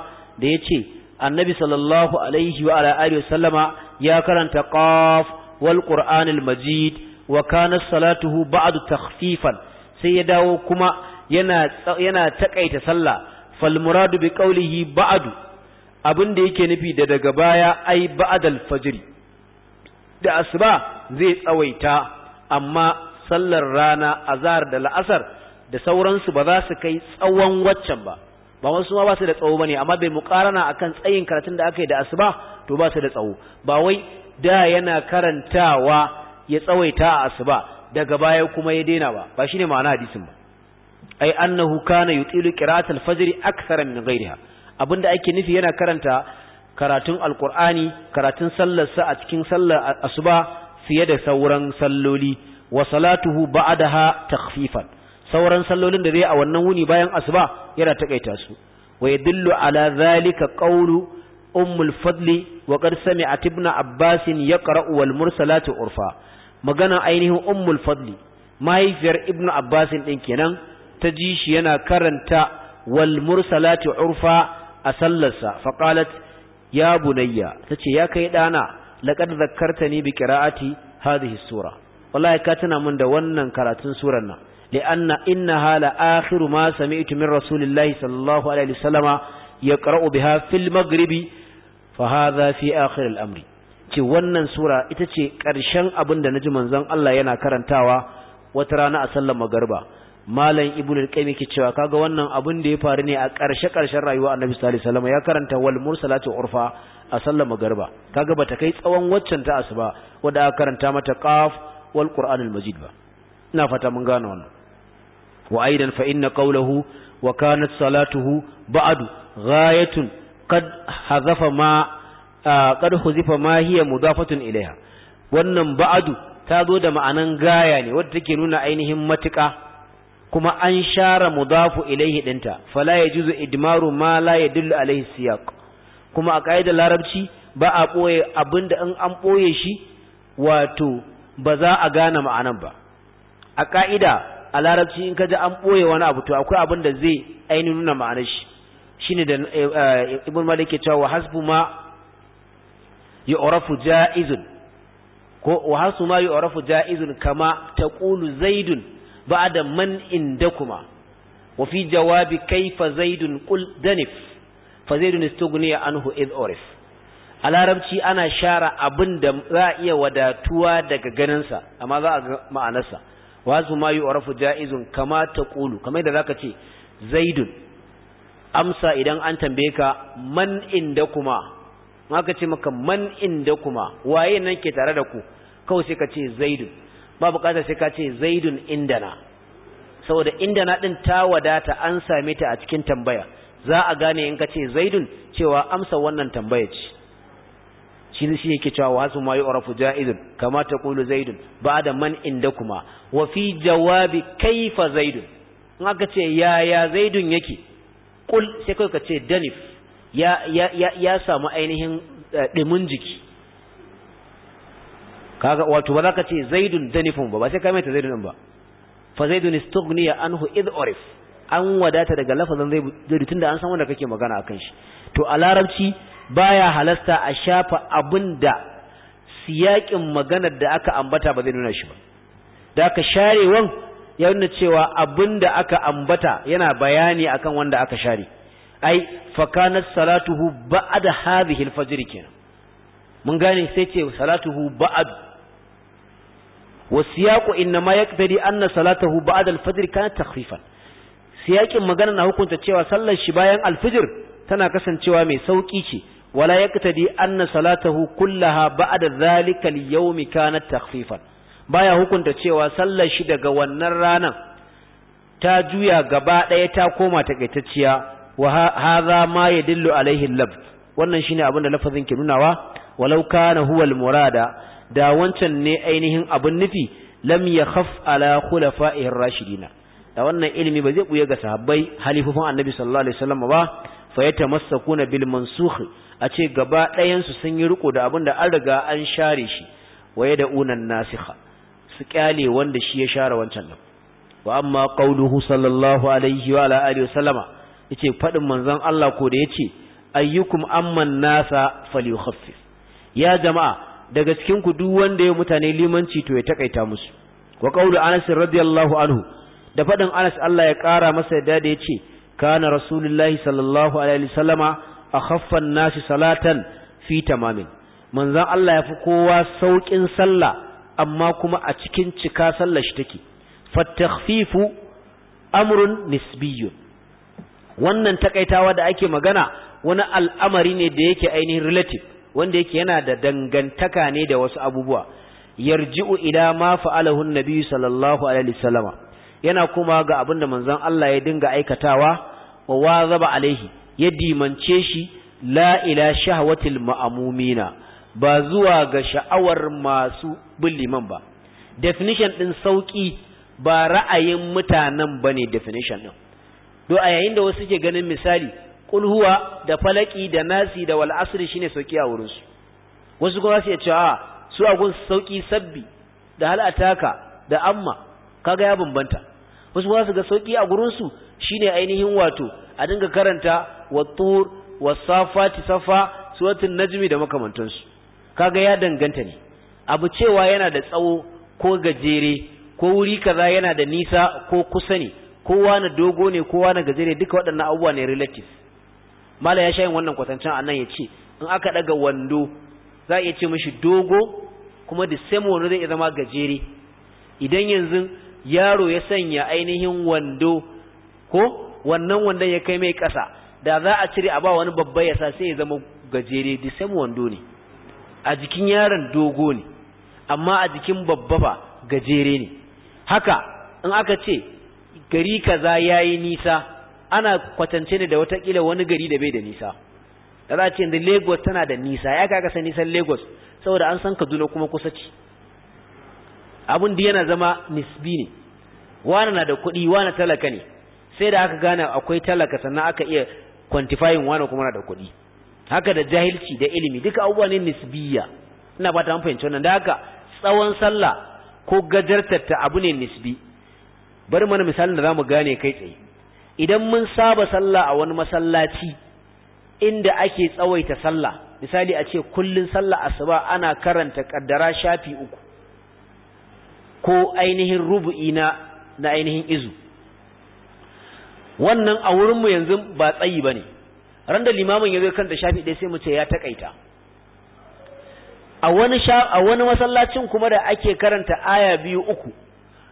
da yace annabi sallallahu alayhi wa ala alihi wasallama ya karanta qaf wal qur'anil majid wa kana salatuhu ba'du takhfifan sai ya dawo kuma yana yana takaita sallah fal muradu bi qawlihi ba'du abin da yake nufi da daga baya ai ba'dal fajr da asuba zai tsawaita amma sallar rana azhar da la'asar da sauransu ba za su kai tsawon waccan ba ba wasu ma ba su da tsawo bane amma bai muqarana akan tsayin karatun da aka yi da asuba to ba su da tsawo ba wai da yana karantawa ya tsawaita a asuba daga baya kuma ya daina ba ba shine ma'ana hadisin ba ai annahu kana yutilu qira'atul fajr akthara min ghayriha abinda ake nufi yana karanta karatun alqur'ani karatun sallar sa a cikin sallar asuba fiye da sauran salloli wa salatuhu ba'daha takhfifan sauran sallolin da zai a wannan wuni bayan asuba yana takaita su wa yadullu ala zalika qawlu أم الفضل وقد سمعت abbasin عباس يقرأ والمرسلات urfa. magana ainihin ummul fadli mahaifiyar ibnu abbasin din kenan ta ji shi yana karanta wal mursalati urfa a sallarsa fa ya bunayya tace ya kai dana laqad zakkartani bi qira'ati hadhihi sura wallahi ka tana min da wannan karatun surar nan li'anna innaha la akhiru ma sami'tu min rasulillahi sallallahu alaihi wasallama yaqra'u biha fil maghribi fa hadha fi akhir al-amri ce wannan sura ita ce ƙarshen abin da na ji manzon Allah yana karantawa wata rana a sallar magarba malam ibn al-qayyim yake cewa kaga wannan abin da ya faru ne a ƙarshe ƙarshen rayuwa annabi sallallahu alaihi wasallam ya karanta wal mursalatu urfa a sallar magarba kaga bata kai tsawon waccan ta asuba wanda aka karanta mata qaf wal al majid ba ina fata mun gane wannan wa aidan fa inna qawluhu wa kanat salatuhu ba'du ghayatun qad hadafa ma qad huzifa ma hiya mudafatun ilaiha wannan ba'adu ta zo da ma'anan gaya ne wadda take nuna ainihin matuƙa kuma an share mudafu ilaihi dinta fala yajuzu idmaru ma la yadullu alaihi siyaq kuma a kaidar larabci ba a boye abinda in an boye shi wato ba za a gane ma'anan ba a ka'ida a larabci in kaji an boye wani abu to akwai abin da zai ainihin nuna ma'anar shi shine da eh, eh, ibn malik ya cewa hasbu ma yu'rafu ja'izun ko wa hasu ma yu'rafu ja'izun kama taqulu zaidun ba'da man indakuma wa fi jawabi kayfa zaidun qul danif fa zaidun istughniya anhu id urif a larabci ana share abin da za a iya wadatuwa daga ganinsa amma za a ga ma'anarsa wa su ma yi orafu ja'izun kama ta ƙulu kamar da za ka ce zaidun amsa idan an tambaye ka man inda kuma Maka ce maka man inda kuma waye nan ke tare da ku kawai sai ka ce zaidun ba bukatar sai ka ce zaidun indana saboda indana din ta wadata an same ta a cikin tambaya za a gane in ka ce zaidun cewa amsa wannan tambaya ce shi ne yake cewa wasu ma orafu ja'idun kama kulu zaidun da man kuma wa fi jawabi kaifa zaidun in aka ce yaya zaidun yake kul sai kai ka ce danif ya samu ainihin eh, ɗimin jiki kaga wato ba za ka ce zaidun danifun ba ba sai ka mai ta zaidun ba fa zaidun istughniya anhu id orif an wadata daga lafazin zaidu tunda an san wanda kake magana akan shi to a larabci baya halasta a shafa abinda siyakin maganar da aka ambata ba zai nuna shi ba da aka sharewan ya nuna cewa da aka ambata yana bayani akan wanda aka share ai fakanat salatuhu ba'da hadhihi al kenan mun gane sai ce salatuhu ba'd wasiyaqu inma yaqtadi anna salatuhu ba'da al-fajr kanat takhfifan siyakin magana na hukunta cewa sallar shi bayan al tana kasancewa mai sauki ce wala yaqtadi anna salatuhu kullaha ba'da dhalika al-yawm takfifan. takhfifan baya hukunta cewa sallar shi daga wannan ranar ta juya gaba ɗaya ta koma takaitacciya wa hadha ma yadullu alaihi lafz wannan shine abin da lafazin ke nunawa walau kana huwa murada. da wancan ne ainihin abin nufi lam yakhaf ala khulafa'ihi rashidina da wannan ilimi ba zai buye ga sahabbai halifofin annabi sallallahu alaihi wasallam ba fa yatamassakuna bil mansukh a ce gaba ɗayan su sun yi riko da abin da an riga an share shi waye da unan nasikha su kyale wanda shi ya share wancan nan wa amma qauluhu sallallahu alaihi wa ala alihi wasallama yace fadin manzon Allah ko da yace ayyukum amman nasa falyukhaffif ya jama'a daga cikin ku duk wanda ya mutane limanci to ya takaita musu wa qaulu Anas radiyallahu anhu da fadin Anas Allah ya kara masa yadda da yace kana rasulullahi sallallahu alaihi wasallama akhaffa an-nasi salatan fi tamamin manzon Allah ya fi kowa saukin sallah amma kuma a cikin cika sallar shi take fattakhfifu amrun nisbiyyun wannan takaitawa da ake magana wani al'amari ne da yake ainihin relative wanda yake yana da dangantaka ne da wasu abubuwa yarji'u ila ma fa'alahu nabi sallallahu alaihi wasallama yana kuma ga abin da manzon Allah ya dinga aikatawa wa wazaba alaihi ya dimance shi la ila shahwatil ma'amumina ba zuwa ga sha'awar masu bin ba definition din sauki ba ra'ayin mutanen bane definition din do a yayin da wasu ke ganin misali kul huwa da falaki da nasi da wal asri shine sauki a wurin su wasu kuma su ce a su a gun sauki sabbi da hal ataka da amma kaga ya bambanta wasu kuma su ga sauki a gurin su shine ainihin wato a dinga karanta wa tur wa safati safa suratul najmi da makamantansu kaga ya danganta ne abu cewa yana da tsawo ko gajere ko wuri kaza yana da nisa ko kusa ne kowa na dogo ne kowa na gajere duka waɗannan abubuwa ne relative mala ya sha yin wannan kwatancin a ya ce in aka ɗaga wando za a iya ce mashi dogo kuma da same wando zai zama gajere idan yanzu yaro ya sanya ainihin wando ko wannan wandon ya kai mai ƙasa da za a cire a ba wani babba ya sa sai ya zama gajere da same wando ne a jikin yaron dogo ne amma a jikin babba ba gajere ne haka in aka ce gari kaza ya yi nisa ana kwatance ne da watakila wani gari da bai da nisa da za a ce da Lagos tana da nisa ya kaga san nisan Lagos saboda an san Kaduna kuma kusa ce abin da yana zama nisbi ne wani na da kuɗi wani talaka ne sai da aka gane akwai talaka sannan aka iya quantifying wani kuma na da kuɗi haka da jahilci da ilimi duka abubuwa ne nisbiya ina ba an fahimci wannan da haka tsawon sallah ko gajartar ta abu ne nisbi bari mana misalin da zamu gane kai tsaye idan mun saba sallah a wani masallaci inda ake tsawaita sallah misali a ce kullun sallah asuba ana karanta kaddara shafi uku ko ainihin rubu'i na na ainihin izu wannan a wurinmu yanzu ba tsayi ba ne, ran da limamin ya zo kanta shafi ɗaya sai mu ce ya takaita a wani a wani masallacin kuma da ake karanta aya biyu uku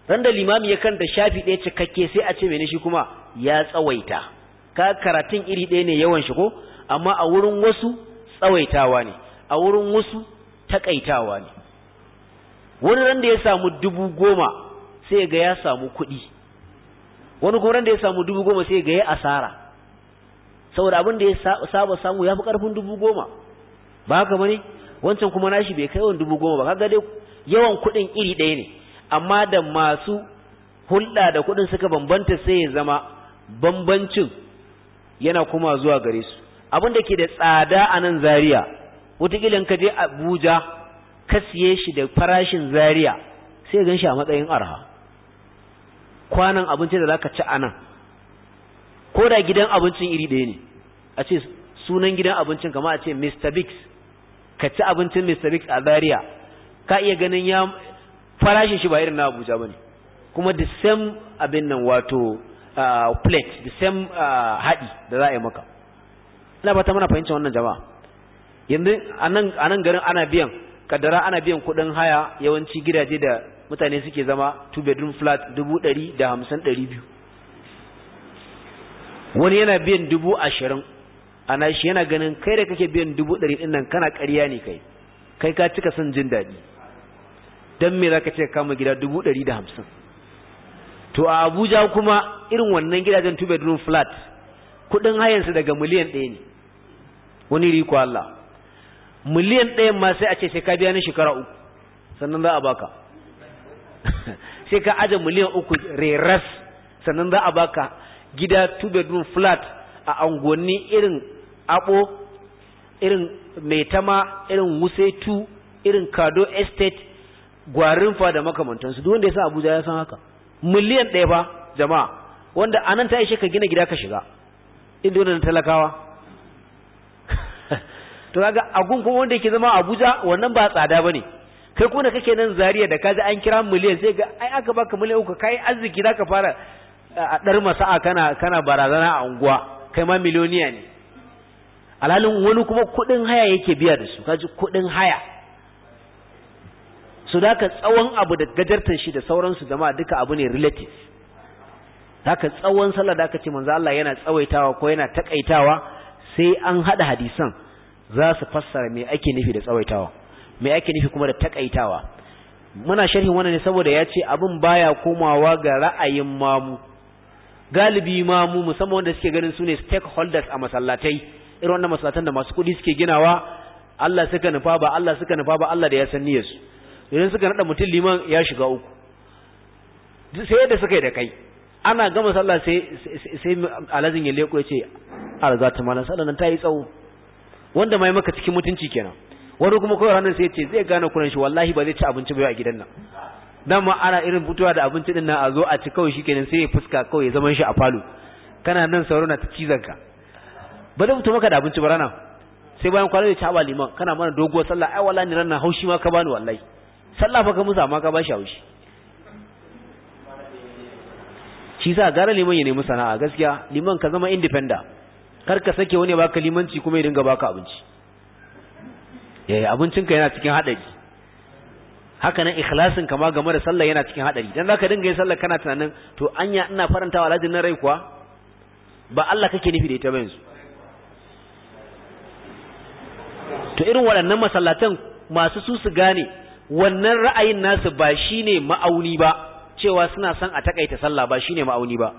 ran da limami ya kanta shafi ɗaya cikakke sai a ce mene shi kuma ya tsawaita ka karatun iri ɗaya ne yawan shi ko amma a wurin wasu tsawaitawa ne a wurin wasu takaitawa ne wani ran da ya samu dubu goma sai ga ya samu kuɗi wani kuma ran da ya samu dubu goma sai ga ya asara saboda abin da ya saba samu ya fi ƙarfin dubu goma ba haka ba ne wancan kuma nashi bai kai yawan dubu goma ba kaga dai yawan kuɗin iri ɗaya ne amma da masu hulɗa da kuɗin suka bambanta sai ya zama bambancin yana kuma zuwa gare su abin da ke da tsada a nan Zariya, wataƙila ka je abuja ka siye shi da farashin Zariya sai gan shi a matsayin arha kwanan abinci da za ka ci a nan ko da gidan abincin iri ɗaya ne a ce sunan gidan abincin kama a ce mr biggs ka ci abincin mr biggs a Zariya. ka iya ganin farashin shi ba irin na Abuja bane kuma the same abin nan wato plate the same haɗi da za a yi maka ina fata ta mana fahimta wannan jama'a yanzu a nan garin ana biyan kadara ana biyan kuɗin haya yawanci gidaje da mutane suke zama two bedroom flat dubu ɗari da hamsin ɗari biyu wani yana biyan dubu ashirin ana shi yana ganin kai da kake biyan dubu ɗari ɗin nan kana ƙarya ne kai kai ka cika son jin daɗi dan me zaka ce kama gida dubu ɗari da hamsin to a abuja kuma irin wannan gidajen two bedroom flat kudin hayansu daga miliyan ɗaya ne wani riko Allah miliyan ɗayan ma sai a ce sai ka biya ni shekara uku sannan za a baka sai ka aje miliyan uku reras sannan za a baka gida two bedroom flat a angonni irin abo irin maitama irin wusetu irin kado estate gwarin fa da makamantansu duk wanda ya san Abuja ya san haka miliyan ɗaya ba jama'a wanda anan ta ishe ka gina gida ka shiga inda wannan talakawa to kaga agun kuma wanda yake zama Abuja wannan ba tsada bane kai ko ne kake nan Zariya da kaji an kira miliyan sai ga ai aka baka miliyan uku kai arziki zaka fara a dar masa'a kana kana barazana a unguwa kai ma miliyoniya ne alhalin wani kuma kuɗin haya yake biya da su kaji kuɗin haya Su da tsawon abu da gajartar shi da sauransu zama duka abu ne relative ka tsawon sallah da ka ce manzo Allah yana tsawaitawa ko yana takaitawa sai an hada hadisan za su fassara me ake nufi da tsawaitawa me ake nufi kuma da takaitawa muna sharhin wannan ne saboda ya ce abin baya komawa ga ra'ayin mamu galibi mamu musamman wanda suke ganin su ne stakeholders a masallatai irin wannan masallatan da masu kuɗi suke ginawa Allah suka nufa ba Allah suka nufa ba Allah da ya san niyyarsu idan suka nada mutum liman ya shiga uku sai da suka yi da kai ana gama sallah sai sai alazin ya leko ya ce a za ta malam sallah nan ta yi tsawo wanda mai maka cikin mutunci kenan wani kuma kawai ranar sai ce zai gane kuran shi wallahi ba zai ci abinci ba a gidan nan ma ana irin fitowa da abinci din nan a zo a ci kawai shi kenan sai ya fuska kawai ya zaman shi a falo kana nan sauro na ta cizon ka ba zai fito maka da abinci ba rana sai bayan kwana da ci liman kana mana doguwar sallah ai wallahi ni ran na haushi ma ka bani wallahi sallah fa ka musa amma ka bashi haushi shi sa gara liman ya nemi sana'a gaskiya liman ka zama indifenda kar ka sake wani baka limanci kuma ya dinga baka abinci eh, abincin ka yana cikin hadari haka nan ikhlasin kama game da sallah yana cikin hadari dan zaka dinga yin sallah kana tunanin to anya ina farantawa lajin nan rai kuwa ba Allah kake nufi da ita ba yanzu to irin waɗannan masallatan masu su su gane wannan ra'ayin nasu ba shine ma'auni ba cewa suna son a takaita sallah ba shine ma'auni ba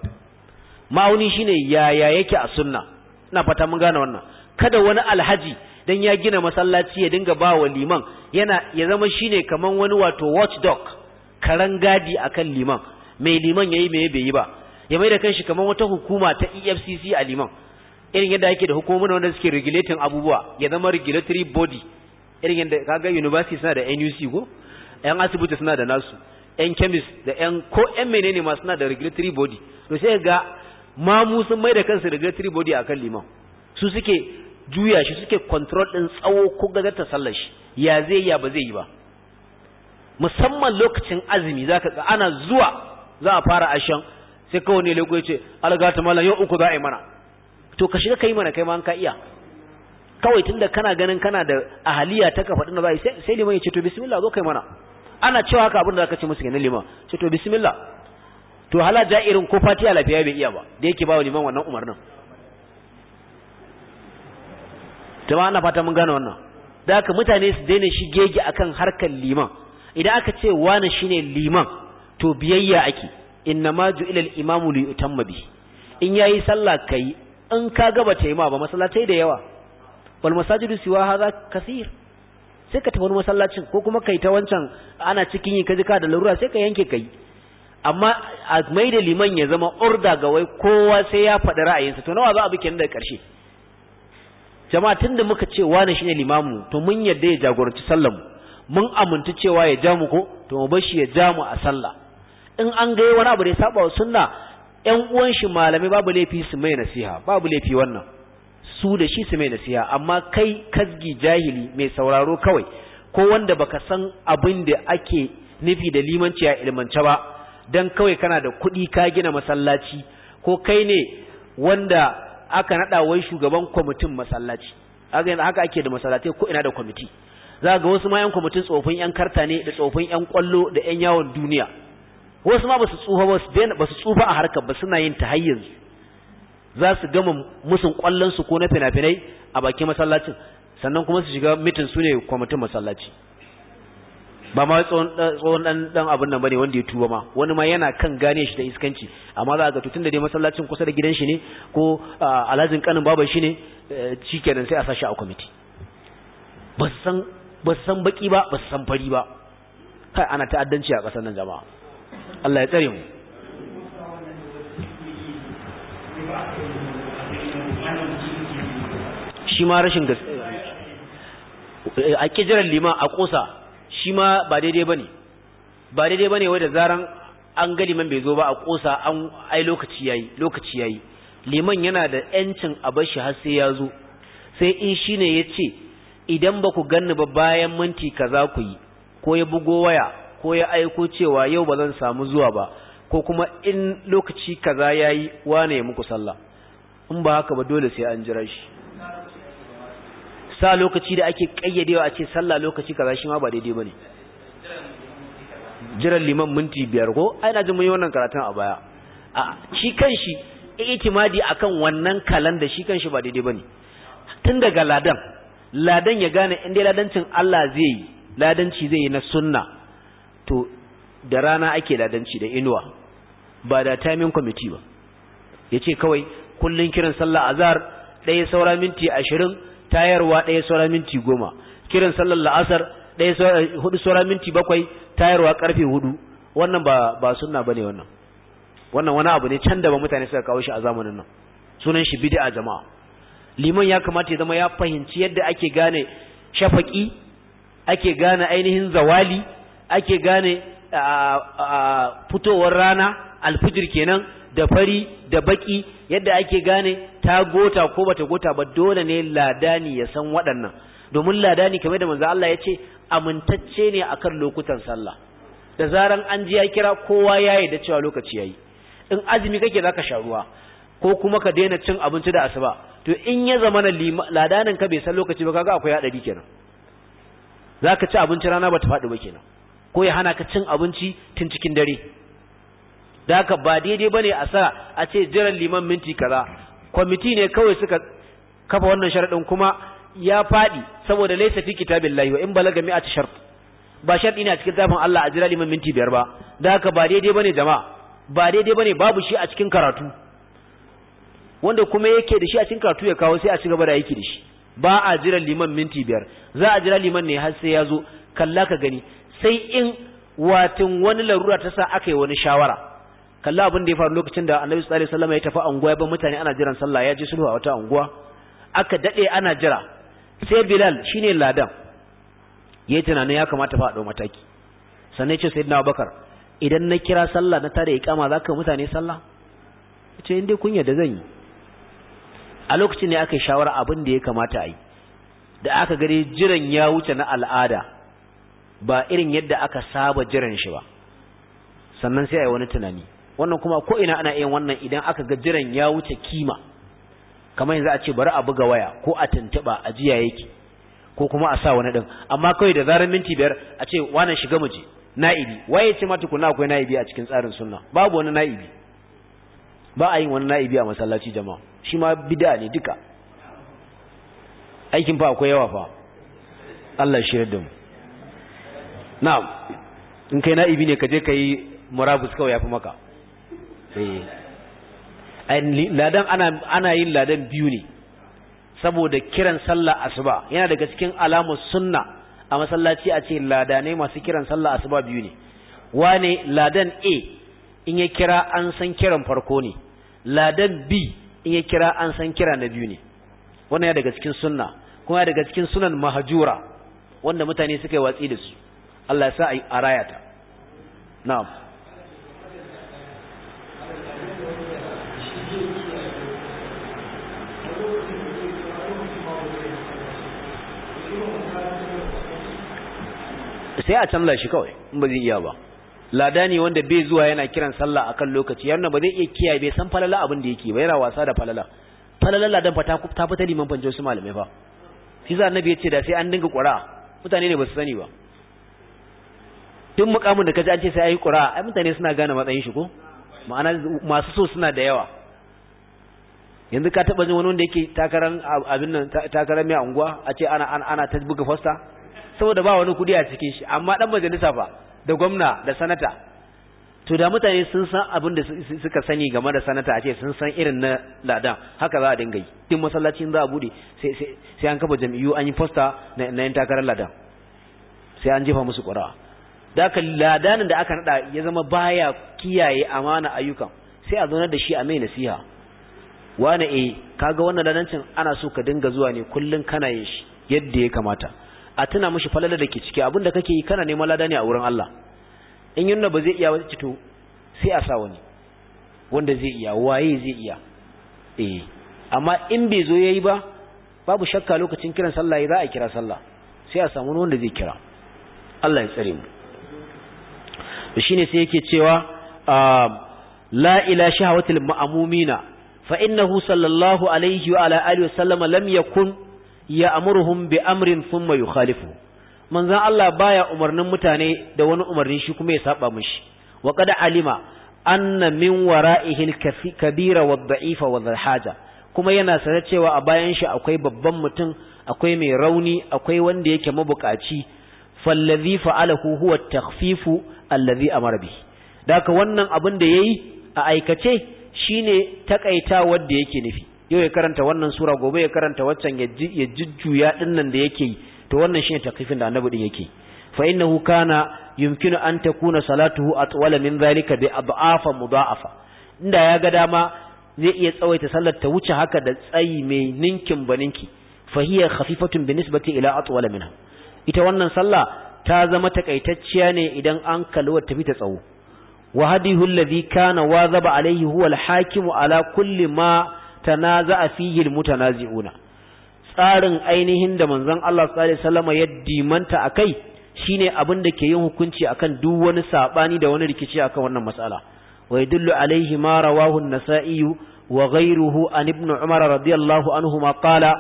ma'auni shine yaya yake a sunna ina fata mun gane wannan kada wani alhaji dan ya gina masallaci ya dinga ba wa liman yana ya zama shine kaman wani wato watchdog karen gadi akan liman mai liman yayi me bai yi ba ya mai da kanshi kaman wata hukuma ta EFCC a liman irin yadda yake da hukumomin wanda suke regulating abubuwa ya zama regulatory body irin yadda ga university suna da NUC ko yan asibiti suna da nasu yan chemist da yan ko yan menene ma suna da regulatory body to sai ga mamu sun mai da kansu regulatory body akan liman su suke juya shi suke control din tsawo ko gazar ta sallar shi ya zai ya ba zai yi ba musamman lokacin azumi zaka ga ana zuwa za a fara ashan sai kawai ne lego ya ce algata malam yau uku za a yi mana to ka shiga kai mana kai ma an ka iya kawai tunda kana ganin kana da ahaliya ta ka faɗin da za sai liman ya ce to bismillah zo kai mana ana cewa haka abin da zaka ce musu kenan liman ce to bismillah to hala ja'irin ko fatiha lafiya bai iya ba da yake ba liman wannan umarnin jama'a ana fata mun gane wannan da haka mutane su daina shi gege akan harkar liman idan aka ce wani shine liman to biyayya ake innama ju'ila al-imamu li bi in yayi sallah kai in ka gaba bata yi ma ba masallatai da yawa wal masajidu siwa hadha kaseer sai ka tafi wani masallacin ko kuma kai ta wancan ana cikin yi kaji ka da larura sai ka yanke kai amma a mai da liman ya zama orda ga wai kowa sai ya faɗi ra'ayinsa to nawa za a bi kenan da ƙarshe jama'a tunda muka ce wani shine limamu to mun yadda ya jagoranci sallar mu mun amintu cewa ya ja mu ko to mu bar shi ya ja mu a sallah in an ga wani abu da ya saba wa sunna ƴan uwan shi malamai babu laifi su mai nasiha babu laifi wannan su da shi su mai nasiha amma kai kasgi jahili mai sauraro kawai ko wanda baka san abin da ake nufi da limanci a ilmance ba dan kawai kana da kuɗi ka gina masallaci ko kai ne wanda aka naɗa wai shugaban kwamitin masallaci haka yanzu haka ake da masallatai ko ina da kwamiti za ga wasu ma yan kwamitin tsofin yan karta ne da tsofin yan kwallo da yan yawon duniya wasu ma basu tsufa ba su tsufa a harkar ba suna yin ta har yanzu za su gama musun kwallon su ko na fina-finai a bakin masallacin sannan kuma su shiga mitin su ne kwamitin masallaci ba ma tsohon dan dan abin nan bane wanda ya tuba ma wani ma yana kan gane shi da iskanci amma za ga tutun da dai masallacin kusa da gidan shi ne ko alhazin kanin baban shi ne eh, shikenan sai a sashi a kwamiti ba san ba san baki ba ba san fari ba kai ana ta'addanci a kasar nan jama'a Allah ya tsare mu shi ma rashin gaskiya a kijiran liman a kosa shi ma ba daidai bane ba daidai bane wai da zaran an ga liman bai zo ba a kosa an ai lokaci yayi lokaci yayi liman yana da yancin a bar shi har sai ya zo sai in shine ya ce idan ba ku ganni ba bayan minti kaza ku yi ko ya bugo waya ko ya aiko cewa yau ba zan samu zuwa ba ko kuma in lokaci kaza yayi wane ya muku sallah in ba haka ba dole sai an jira shi sa lokaci da ake kayyadewa a ce sallah lokaci kaza shi ma ba daidai bane jiran liman minti biyar ko ai na ji mun yi wannan karatun a baya a shi kanshi itimadi akan wannan kalanda shi kanshi ba daidai bane tun daga ladan ladan ya gane in dai ladancin Allah zai yi ladanci zai yi na sunna to da rana ake ladanci da inuwa ba da timing committee ba yace kawai kullun kiran sallah azhar ɗaya saura minti ashirin tayarwa ɗaya saura minti goma kiran sallar la'asar ɗaya hudu saura minti bakwai tayarwa karfe hudu wannan ba ba sunna bane wannan wannan wani abu ne can da ba mutane suka kawo shi a zamanin nan sunan shi a jama'a liman ya kamata ya zama ya fahimci yadda ake gane shafaki ake gane ainihin zawali ake gane fitowar rana alfijir kenan da fari da baki yadda ake gane ta gota ko bata gota ba dole ne ladani ya san waɗannan domin ladani kamar da manzo Allah ya ce amintacce ne akan lokutan sallah da zaran an ji ya kira kowa ya da cewa lokaci yayi in azumi kake zaka sha ruwa ko kuma ka daina cin abinci da asuba to in ya zama na ladanin ka bai san lokaci ba kaga akwai hadari kenan zaka ci abinci rana bata fadi ba kenan ko ya hana ka cin abinci tun cikin dare da haka ba daidai bane a sa a ce jiran liman minti kaza kwamiti ne kawai suka kafa wannan sharadin kuma ya fadi saboda laisa fi kitabillahi wa in balaga mi'at shart ba sharadi ne a cikin zafin Allah a jira liman minti biyar ba da haka ba daidai bane jama'a ba daidai bane babu shi a cikin karatu wanda kuma yake da shi a cikin karatu ya kawo sai a ci gaba da yake da shi ba a jira liman minti biyar za a jira liman ne har sai ya zo kalla ka gani sai in watin wani larura ta sa aka yi wani shawara kalla abin da ya faru lokacin da annabi sallallahu alaihi wasallam ya tafi anguwa ba mutane ana jiran sallah ya ji sulhu a wata anguwa aka dade ana jira sai bilal shine ladan ya yi tunanin ya kamata fa a dau mataki sannan ya ce sayyidina abubakar idan na kira sallah na tare iqama zaka mutane sallah ya ce inda kunya da zan yi a lokacin ne aka yi shawara abin da ya kamata a yi da aka gani jiran ya wuce na al'ada ba irin yadda aka saba jiran shi ba sannan sai a yi wani tunani wannan kuma ko ina ana yin wannan idan aka ga jiran ya wuce kima kamar yanzu a ce bari a buga waya ko a tuntuɓa a jiya yake ko kuma a sa wani ɗin amma kawai da zarar minti biyar a ce wannan shiga mu na'ibi waye ce ma tukuna akwai na'ibi a cikin tsarin sunna babu wani na'ibi ba a yin wani na'ibi a masallaci jama'a shi ma bid'a ne duka aikin fa akwai yawa fa Allah shi yarda mu na'am in kai na'ibi ne ka je ka yi murabus kawai yafi maka eh. ladan ana yin ladan biyu ne saboda kiran sallah asuba yana daga cikin alamar sunna a masallaci a ce ladanai masu kiran sallah asuba biyu ne wane ladan A in ya kira an san kiran farko ne ladan B in ya kira an san kira na biyu ne wannan ya daga cikin sunna kuma ya daga cikin sunan mahajura wanda mutane suka yi watsi da su Allah ya sa a yi rayata na'am sai a can shi kawai in ba zai iya ba lada ne wanda bai zuwa yana kiran sallah akan lokaci yana ba zai iya kiyaye bai san falala abin da yake ba yana wasa da falala falala ladan fa ta fita liman fanjo su malamai ba. shi za ya ce da sai an dinga kwara mutane ne ba su sani ba tun mukamin da kaji an ce sai ayi yi ai mutane suna gane matsayin shi ko ma'ana masu so suna da yawa yanzu ka taba jin wani wanda yake takaran abin nan takaran mai anguwa a ce ana ana ta buga fasta saboda ba wani kudi a cikin shi amma dan majalisa fa da gwamna da sanata to da mutane sun san abin da suka sani game da sanata a ce sun san irin na ladan haka za a dinga yi din masallacin za a bude sai sai an kafa jami'u an yi fasta na yan takarar ladan sai an jefa musu ƙura'a da aka ladanin da aka nada ya zama baya kiyaye amana ayyukan sai a zonar da shi a mai nasiha wane eh kaga wannan ladancin ana so ka dinga zuwa ne kullun kana yin shi yadda ya kamata a tuna mishi falala da ke ciki abin da kake yi kana neman ladani a wurin Allah in yunna ba zai iya wata sai a sa wani wanda zai iya waye zai iya eh amma in bai zo yayi ba babu shakka lokacin kiran sallah za a kira sallah sai a samu wanda zai kira Allah ya tsare mu to sai yake cewa ah, la ila shahawatil ma'amumina fa innahu sallallahu alaihi wa ala alihi wasallama lam yakun ya'muruhum bi amrin thumma yukhalifu manzon Allah baya umarnin mutane da wani umarni shi kuma ya saba mishi wa qad alima anna min wara'ihi al-kabira wad-da'ifa haja kuma yana sanar cewa a bayan shi akwai babban mutum akwai mai rauni akwai wanda yake mabukaci fallazi fa'alahu huwa takhfifu allazi amara bi daka wannan abin da yayi a aikace shine takaitawar da yake nufi yau ya karanta wannan sura gobe ya karanta waccan ya jujjuya dinnan da yake yi to wannan shine takfifin da annabi din yake fa innahu kana yumkinu an takuna salatuhu atwala min zalika bi ad'afa mudha'afa inda ya ga dama zai iya tsawaita sallar ta wuce haka da tsayi mai ninkin baninki fa hiya khafifatun bi ila atwala minha ita wannan sallah ta zama takaitacciya ne idan an kalwar tafi ta tsawo wa hadihu alladhi kana wazaba alaihi huwa Hakimu ala kulli ma tanaza'a fihi almutanazi'una tsarin ainihin da manzon Allah sallallahu alaihi wasallam ya dimanta akai shine abin da ke yin hukunci akan duk wani sabani da wani rikici akan wannan mas'ala wa yadullu alaihi ma rawahu an-nasa'i wa ghayruhu an ibn umar radiyallahu anhuma qala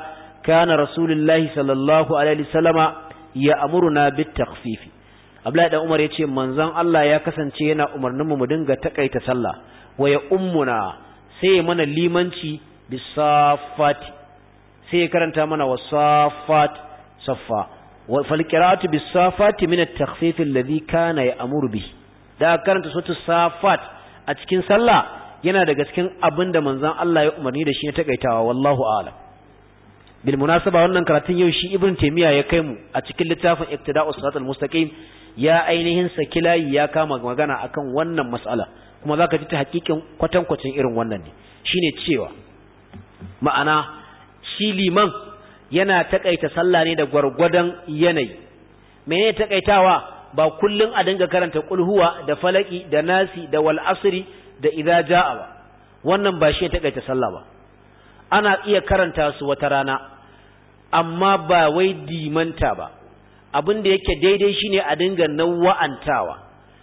kana rasulullahi sallallahu alaihi wasallama ya amuruna bit takfifi Abdullahi dan Umar yace manzon Allah ya kasance yana umarnin mu mu dinga takaita sallah waya ya ummuna sai mana limanci bisafat sai karanta mana wasafat saffa wa fal qira'atu bisafat min at-takhfif alladhi kana amuru bi da karanta suratul safat a cikin sallah yana daga cikin abinda manzon Allah ya umarni da shi na takaitawa wallahu a'lam bil munasaba wannan karatun yau shi ibn taymiya ya kai mu a cikin littafin iktida'us siratal mustaqim ya ainihin sakilayi ya kama magana akan wannan mas'ala kuma zaka ji ta kwatan kwatankwacin irin wannan ne shine cewa ma'ana shi liman yana takaita sallah ne da gwargwadon yanayi Mene takaitawa ba kullun a dinga karanta kulhuwa da falaki da nasi da wal asri da idza jaa ba wannan ba shi takaita sallah ba ana iya karanta su wata rana amma ba wai dimanta ba abin da yake daidai shine a dinga nawa'antawa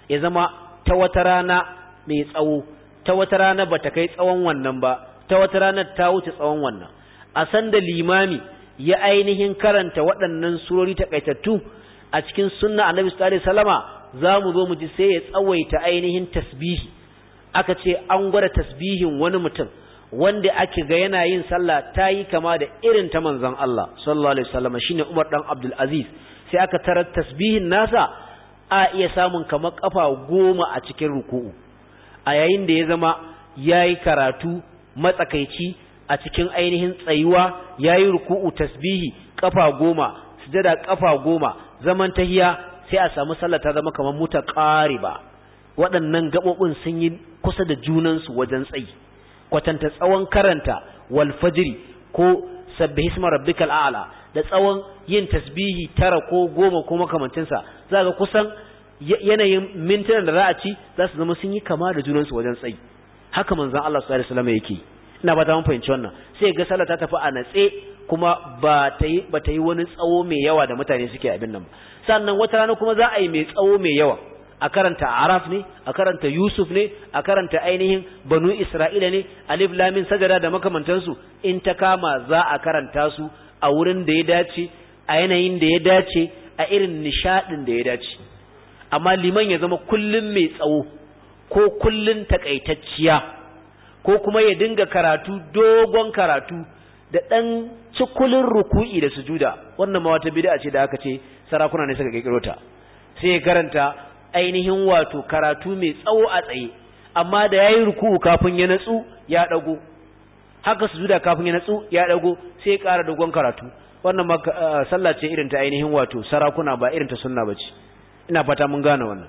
ya zama ta wata rana mai tsawo ta wata rana ba ta kai tsawon wannan ba ta wata rana ta wuce tsawon wannan a sanda limami ya ainihin karanta waɗannan surori takaitattu a cikin sunna annabi sallallahu Salama za mu zo mu ji sai ya tsawaita ainihin tasbihi aka ce an gwada tasbihin wani mutum wanda ake ga yana yin sallah ta yi kama da irin ta manzan Allah sallallahu alaihi wasallam shine Umar dan Abdul Aziz sai aka tarar tasbihin nasa a iya samun kamar kafa goma a cikin ruku'u a yayin da ya zama yayi karatu matsakaici a cikin ainihin tsayuwa yayi ruku'u tasbihi kafa goma sujada kafa goma zaman tahiya sai a samu sallah ta zama kamar muta waɗannan gabobin sun yi kusa da junansu wajen tsayi kwatanta tsawon karanta wal fajri ko sabbihi isma rabbikal a'la da tsawon yin tasbihi tara ko goma ko makamancin sa zaka kusan yanayin mintunan da za a ci za su zama sun yi kama da junansu wajen tsayi haka manzon Allah sallallahu alaihi wasallam yake ina ba ta mun fahimci wannan sai ga sallah ta tafi a natse kuma ba ta yi ba ta yi wani tsawo mai yawa da mutane suke abin nan ba sannan wata rana kuma za a yi mai tsawo mai yawa a karanta araf ne a karanta yusuf ne a karanta ainihin banu isra'ila ne alif lamin sajada da makamantansu in ta kama za a karanta su a wurin da ya dace a yanayin da ya dace a irin nishadin da ya dace amma liman ya zama kullum mai tsawo ko kullum takaitacciya ko kuma ya dinga karatu dogon karatu da ɗan cikulin ruku'i da sujuda wannan ma wata bid'a ce da aka ce sarakuna ne suka kirkiro ta sai ya karanta ainihin wato karatu mai tsawo a tsaye amma da yayi ruku'u kafin ya natsu ya dago haka sujuda kafin ya natsu ya dago sai ya ƙara dogon karatu wannan ah, sallah ce irin ta ainihin wato sarakuna ba irin ta sunna ba ce, ina fata mun gane wannan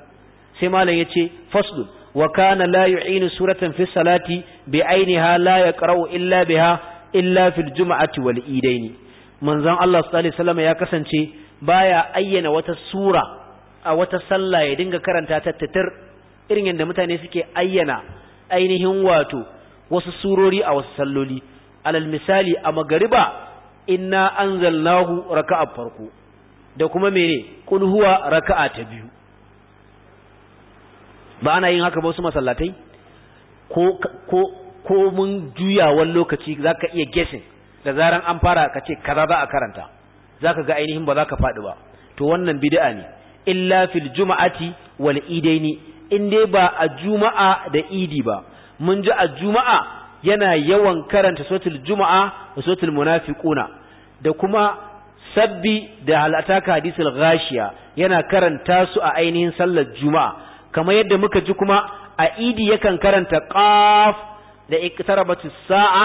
sai malam yace faslu wa kana la yu'inu suratan fi salati bi ainiha la yaqra'u illa biha illa fil jum'ati wal idaini manzon Allah sallallahu alaihi wasallam ya kasance baya ayyana wata sura a wata sallah ya dinga karanta ta titir irin yadda mutane suke ayyana ainihin wato wasu surori a wasu salloli alal misali a magariba inna anzalnahu raka'a farko da kuma mene qul huwa raka'a ta biyu ba ana yin haka ba wasu masallatai ko ko ko mun juyawan lokaci zaka iya guessing da zaran an fara ka ce kaza za a karanta zaka ga ainihin ba za ka faɗi ba to wannan bid'a ne illa fil juma'ati wal idaini in dai ba a juma'a da idi ba mun ji a juma'a yana yawan karanta suratul juma'a da suratul munafiquna da kuma sabbi da halataka hadisul ghashiya yana karanta su a ainihin sallar juma'a kamar yadda muka ji kuma a idi yakan karanta qaf da iqtarabatis sa'a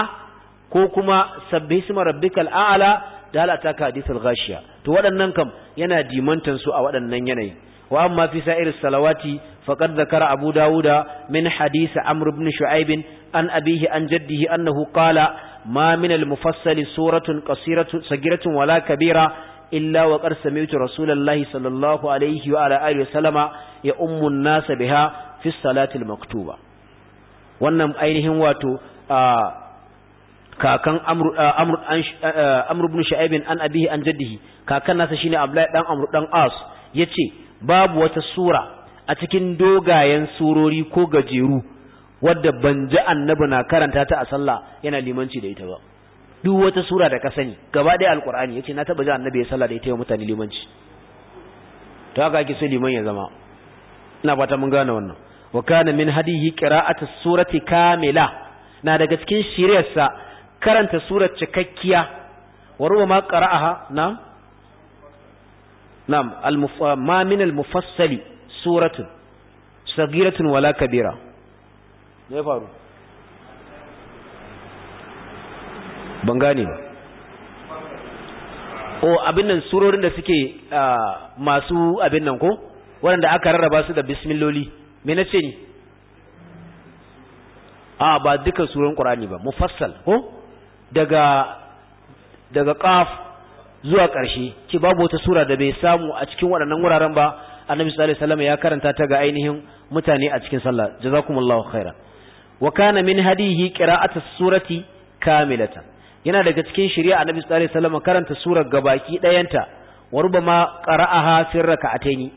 ko kuma sabbihisma rabbikal a'la da halata ka hadisul ghashiya to waɗannan kam yana dimantan su a waɗannan yanayi wa amma fi sa'ir salawati faqad zakara abu dawuda min hadisi amr ibn shu'aib an abihi an jaddihi annahu qala ma min al mufassal suratun qasiratun sagiratun wala kabira illa wa qad sami'tu rasulullahi sallallahu alaihi wa ala alihi wa sallama ya ummu an-nas biha fi salati al maktuba wannan ainihin wato kakan amru eh, eh, eh, ibn sha'ib an abihi an jaddihi kakan nasa shine abdullahi dan amru dan as yace babu wata sura a cikin dogayen surori ko gajeru wadda ban ji annabi na karanta ta a sallah yana limanci da ita ba duk wata sura da ka sani gaba ɗaya alqur'ani yace na taba ji annabi ya sallah da ita ya mutane limanci to haka ake so liman ya zama ina fata mun gane wannan wa kana min hadihi qira'atu surati kamila na daga cikin shiryarsa karanta surar cikakkiya wa ruwa ma qara'aha na na'am ah, ma min al-mufassali suratun sagiratun wala kabira ne faru ban gane ba o abin nan surorin da suke ah, masu abin nan ko waɗanda aka rarraba su da bismilloli me nace ni a ah, ba duka surorin qur'ani ba mufassal ko daga daga qaf zuwa ƙarshe ki babu wata sura da bai samu a cikin waɗannan wuraren ba annabi sallallahu alaihi wasallam ya karanta ta ga ainihin mutane a cikin sallah jazakumullahu khaira wa kana min hadihi qira'atu surati kamilatan yana daga cikin shari'a annabi sallallahu alaihi wasallam karanta surar gabaki dayanta wa rubama qara'aha fi raka'ataini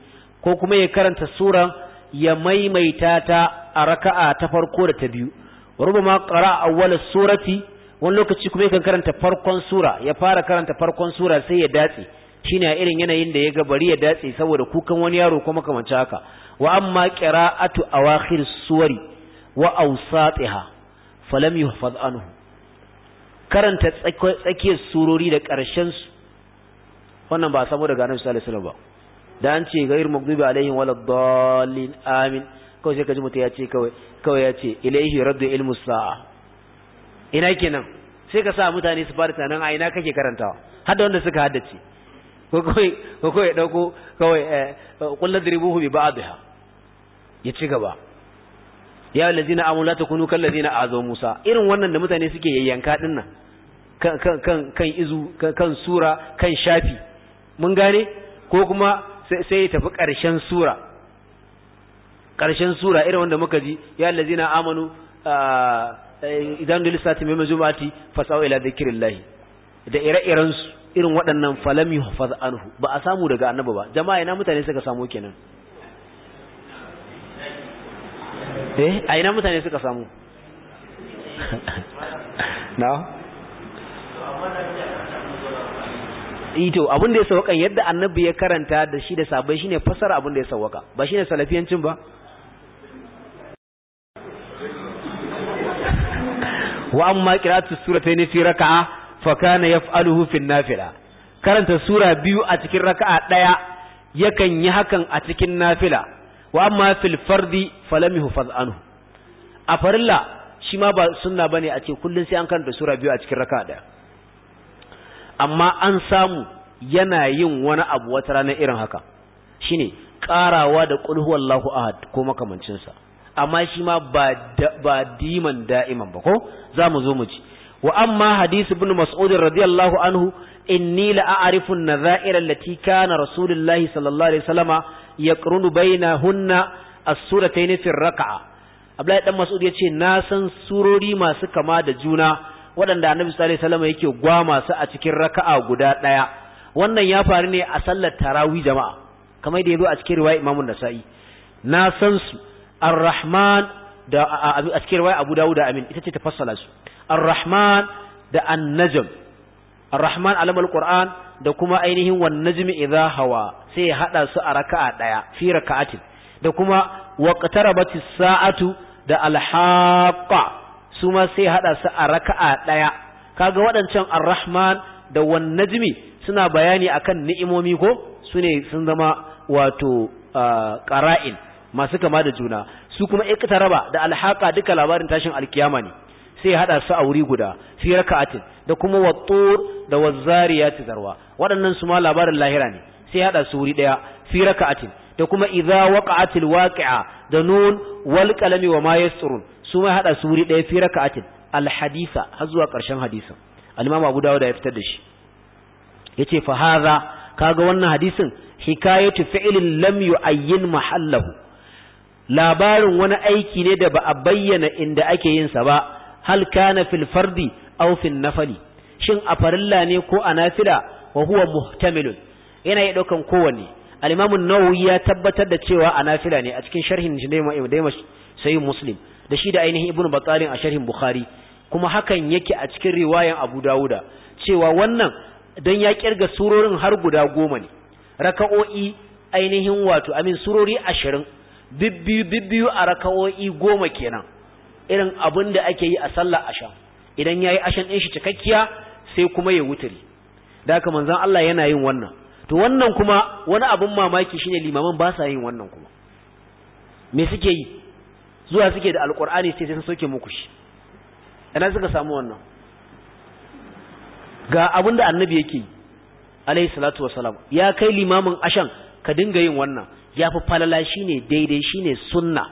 ko kuma ya karanta sura ya maimaita ta a raka'a ta farko da ta biyu wa rubama qara'a awwal surati wani lokaci kuma yakan karanta farkon sura ya fara karanta farkon sura sai ya datse shine a irin yanayin da ya ga bari ya datse saboda kukan wani yaro kuma makamanci haka wa amma qira'atu awakhir suwari wa awsatiha falam yuhfaz anhu karanta tsakiyar surori da ƙarshen su wannan ba samu daga annabi sallallahu alaihi wasallam ba da an ce a maghdubi alaihim waladdallin amin kawai sai ka ji ya ce kawai ya ce ilaihi raddu ilmu sa'a ina kenan sai ka sa mutane su fara tunanin a ina kake karantawa har wanda suka haddace ko kawai ko kawai dauko kawai kullu eh, dribuhu bi ba'dha ya ci gaba ya allazina amanu kunu takunu kal ladina azaw musa irin wannan da mutane suke yayyanka din nan kan kan kan izu kan sura kan shafi mun gane ko kuma sai ya tafi ƙarshen sura ƙarshen sura irin wanda muka ji ya allazina amanu ah, Eh, idan da lissati mai mazumati fasau ila zikrillahi da ire-iren su irin waɗannan falam yuhfaz anhu ba a samu daga annaba ba jama'a ina mutane suka samu kenan eh a ina mutane suka samu na ito eh, abin da ya sauka yadda annabi ya karanta da shi da sabai shine fasara abin da ya sauka ba shine salafiyancin ba wa amma qira'atu suratayn fi raka'a fa kana yaf'aluhu fi nafila karanta sura biyu a cikin raka'a daya yakan yi hakan a cikin nafila wa amma fil fardi falam yuhfaz anhu a farilla shi ma ba sunna bane a ce kullun sai an karanta sura biyu a cikin raka'a daya amma an samu yana yin wani abu wata rana irin haka shine karawa da qul huwallahu ahad ko makamancinsa amma shi ma ba diman da'iman ba ko za mu zo mu ci wa amma hadisi ibn mas'ud radiyallahu anhu inni la a'rifu an-nadha'ir allati kana rasulullahi sallallahu alaihi wasallama yaqrunu bainahunna as-suratayn fi ar-raka'a Abdullahi dan Mas'ud yace na san surori masu kama da juna waɗanda Annabi sallallahu alaihi wasallama yake gwa masu a cikin raka'a guda ɗaya wannan ya faru ne a sallar tarawih jama'a kamar da yazo a cikin riwayat Imam Nasa'i na san su ar-rahman da a cikin riwaya Abu Dawud amin ita ce ta fassala su ar-rahman da an-najm ar-rahman alamul qur'an da kuma ainihin wan najmi idha hawa sai ya hada su a raka'a daya fi raka'atin da kuma waqtarabatis sa'atu da al-haqqa su ma sai hada su a raka'a daya kaga waɗancan ar-rahman da wan najmi suna bayani akan ni'imomi ko sune sun zama wato qara'in masu kama da juna su kuma raba da alhaka duka labarin tashin alkiyama ne sai hada su a wuri guda fi raka'atin da kuma wattur da wazzariyati zarwa waɗannan su ma labarin lahira ne sai hada su wuri daya fi raka'atin da kuma idza waqa'atil waqi'a da nun wal qalami wa ma yasturun su ma hada su wuri daya fi raka'atin har zuwa ƙarshen hadisin al-imam Abu Dawud ya fitar da shi yace fa hadha kaga wannan hadisin hikayatu fi'lin lam yu'ayyin mahallahu labarin wani aiki ne da ba a bayyana inda ake yin sa ba hal kana fil fardi aw fil nafali shin a farilla ne ko a nafila wa huwa muhtamilun yana yi daukan kowanne al-imam an-nawawi ya tabbatar da cewa a nafila ne a cikin sharhin jinaima sayyid muslim da shi da ainihin ibnu batalin a sharhin bukhari kuma hakan yake a cikin riwayan abu dawuda cewa wannan dan ya kirga surorin har guda goma ne raka'o'i ainihin wato amin surori ashirin bibbiyu bibbiyu a raka'o'i goma kenan irin abin da ake yi a sallah ashan idan yayi ashan din shi cikakkiya sai kuma ya wuturi da haka manzon Allah yana yin wannan to wannan kuma wani abin mamaki shine limaman ba sa yin wannan kuma me suke yi zuwa suke da alqur'ani sai sun soke muku shi ina suka samu wannan ga abin da annabi yake yi alayhi salatu wasalam ya kai limamin ashan ka dinga yin wannan ya fi falala ne daidai shi ne sunna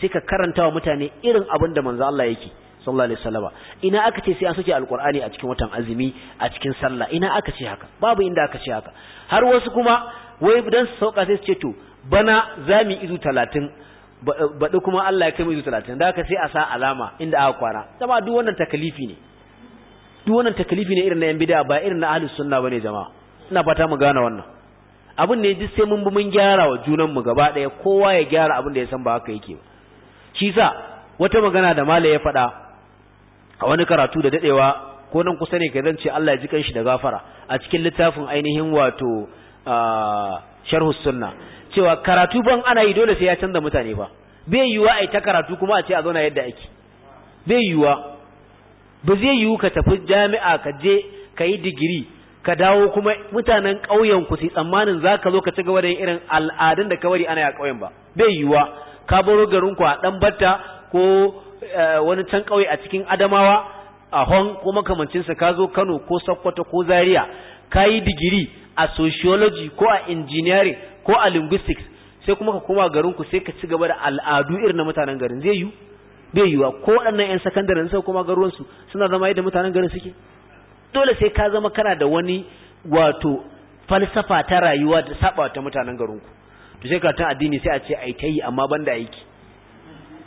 sai ka karanta wa mutane irin abin da manzo Allah yake sallallahu alaihi wasallama ina aka ce sai an soke alqur'ani a cikin watan azumi a cikin sallah ina aka ce haka babu inda aka ce haka har wasu kuma wai dan su sauka sai su ce to bana zami izu 30 baɗi kuma Allah ya kai mu izu 30 da aka sai a sa alama inda aka kwana dama duk wannan takalifi ne duk wannan takalifi ne irin na yan bid'a ba irin na ahlus sunna bane jama'a ina fata mu gane wannan abin ne duk sai mun bi mun gyara wa junan mu gaba daya kowa ya gyara abin da ya san ba haka yake ba shi sa wata magana da mala ya faɗa a wani karatu da dadewa ko nan kusa ne ka zance Allah ya ji kanshi da gafara a cikin littafin ainihin wato sharhus sunna cewa karatu ban ana yi dole sai ya canza mutane ba bai yiwa ai ta karatu kuma a ce a zauna yadda ake bai yiwa ba zai yiwu ka tafi jami'a ka je ka yi digiri ka dawo kuma mutanen ƙauyen ku su tsammanin za ka zo ka ci gaba da irin al'adun da kawari ana ya ƙauyen ba bai yiwuwa ka baro garin ku a dan batta ko eh, wani can ƙauye a cikin adamawa a hon ko makamancinsa ka zo kano ko sokoto ko zaria ka yi digiri a sociology ko a engineering ko a linguistics sai kuma ka koma garin ku sai ka ci gaba da al'adu irin na mutanen garin zai yiwu bai yiwuwa ko waɗannan 'yan sakandaren sai kuma garuwansu suna zama yadda mutanen garin suke dole sai ka zama kana da wani wato falsafa ta rayuwa da saba ta mutanen garinku to sai karatun addini sai a ce ai kai amma banda aiki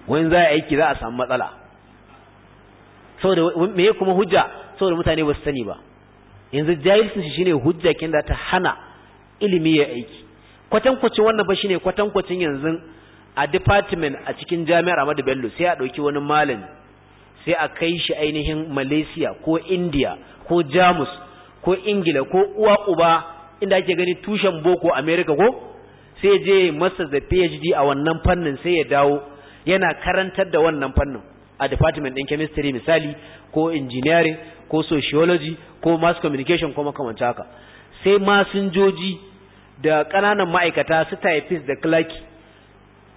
wani za a aiki za a samu matsala saboda me kuma hujja saboda mutane ba su sani ba yanzu jahilcin shi shine hujja kin da ta hana ilimi ya aiki kwatankwacin wannan ba shine kwatankwacin yanzu a department a cikin jami'ar Ahmadu Bello sai a dauki wani malami sai a kai shi ainihin Malaysia ko India ko jamus ko ingila ko uwa uba inda ake gani tushen boko america ko sai je masa da phd a wannan fannin sai ya dawo yana karantar da wannan fannin a department din chemistry misali ko engineering ko sociology ko mass communication ko makamanta haka sai masinjoji da kananan ma'aikata su typist da clerk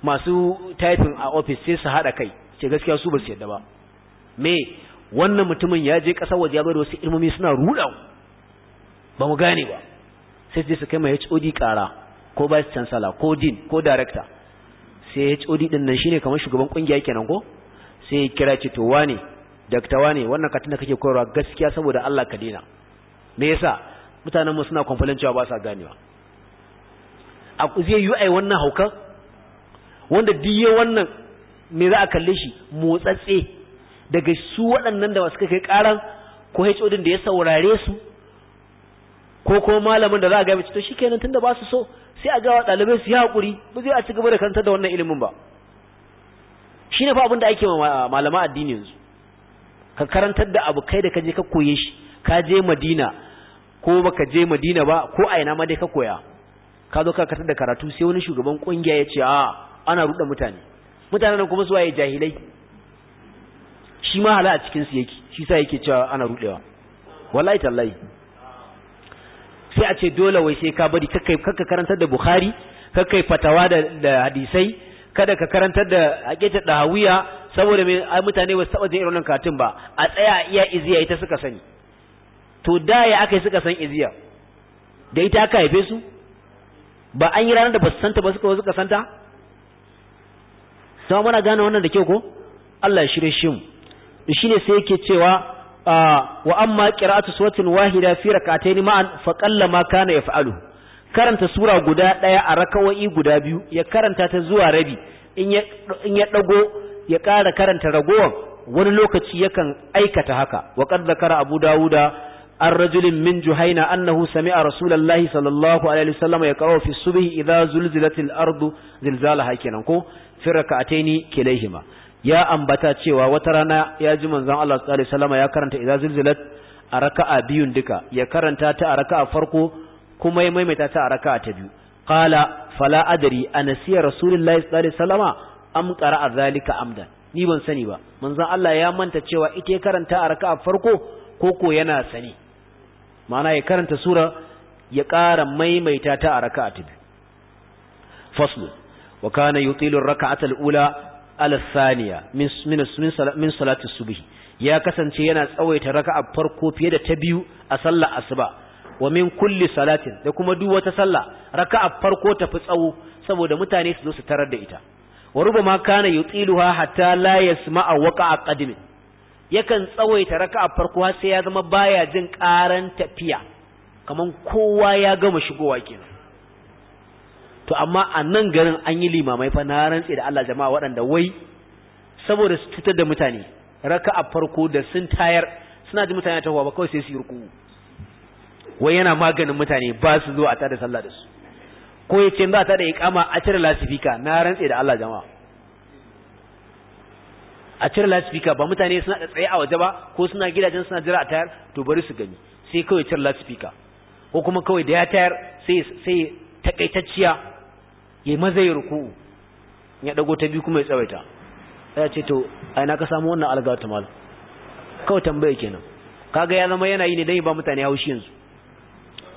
masu typing a office sai su haɗa kai ce gaskiya su ba su yadda ba me wannan mutumin ya je ƙasar waje ya bai da wasu ilmomi suna ruɗa ba mu gane ba sai su je su kai ma HOD ƙara ko vice chancellor ko din ko director sai HOD din nan shine kamar shugaban kungiya kenan ko sai ya kira ce to wane dakta wane wannan katin da kake koyarwa gaskiya saboda Allah ka dina me yasa mutanen mu suna complain cewa ba sa ganewa a zai yi ai wannan haukan wanda diye wannan me za a kalle shi motsatse daga su waɗannan da suka kai ƙaran ko HOD da ya saurare su ko ko malamin da za a gaya shi to tun da ba su so sai a gawa ɗalibai su yi haƙuri ba zai a ci gaba da karanta da wannan ilimin ba shi ne fa abin da ake malama addini yanzu ka karantar da abu kai da ka je ka koye shi ka je madina ko baka je madina ba ko a ina ma ka koya ka zo ka da karatu sai wani shugaban kungiya ya ce a ana ruɗa mutane mutanen kuma su waye jahilai shi ma hala a cikin su yake shi sa yake cewa ana rudewa wallahi tallahi sai a ce dole wai sai ka bari kakkai kakka karantar da bukhari kakkai fatawa da, da hadisai kada ka karantar da aqidar dahawiya saboda me mutane ba su taba jin irin katun ba a tsaya iya iziya ita suka sani to da ya aka suka san iziya da ita aka haife su ba an yi ranar da ba su santa ba suka suka santa sai muna gane wannan da kyau ko Allah ya shirye shi mu shine sai yake cewa ah, wa amma qira'atu suratin wahida fi rak'atayn ma'an fa qalla ma kana yaf'alu karanta sura guda daya a rakawa'i guda biyu ya karanta ta zuwa rabi in ya in ya dago ya ƙara karanta ragowar wani lokaci yakan aikata haka wa qad zakara abu dawuda an rajulin min juhaina annahu sami'a rasulullahi sallallahu alaihi wasallam ya qara fi Iza, idza zulzilatil ardu zilzalaha kenan ko fi rak'ataini kilayhima ya ambata cewa wata rana ya ji manzon Allah sallallahu alaihi wasallam ya karanta idza zilzilat a raka'a biyun duka ya karanta ta a raka'a farko kuma ya maimaita ta a raka'a ta biyu qala fala adri anasiya rasulullahi sallallahu alaihi wasallam am qara'a zalika amdan ni ban sani ba manzon Allah ya manta cewa ita ya karanta a raka'a farko ko yana sani ma'ana ya karanta sura ya ƙara maimaita ta a raka'a ta biyu faslu wa kana yutilu ar ula alasaniya min salatu subhi ya kasance yana tsawaita raka'a farko fiye da ta biyu a sallar asuba wa min kulli salatin da kuma duk wata sallah raka'a farko ta fi tsawo saboda mutane su zo su tarar da ita wa rubama kana yutiluha hatta la yasma'a waqa'a qadmin yakan tsawaita raka'a farko har sai ya zama baya jin karan tafiya kaman kowa ya gama shigowa kenan to amma a nan garin an yi limamai fa na rantse da Allah jama'a waɗanda wai saboda su cutar da mutane raka a farko da sun tayar suna ji mutane ta ba kawai sai su yi ruku wai yana maganin mutane ba su zo a tada sallah da su ko yace za ta da iqama a cire lasifika na rantse da Allah jama'a a cire lasifika ba mutane suna da tsaye a waje ba ko suna gidajen suna jira a tayar to bari su gani sai kawai cire lasifika ko kuma kawai da ya tayar sai sai takaitacciya ya maza yi ruku'u ya dago ta biyu kuma ya tsawaita ya ce to ai ka samu wannan alga mal kawai tambaya kenan kaga ya zama yana yi ne don ya ba mutane haushi yanzu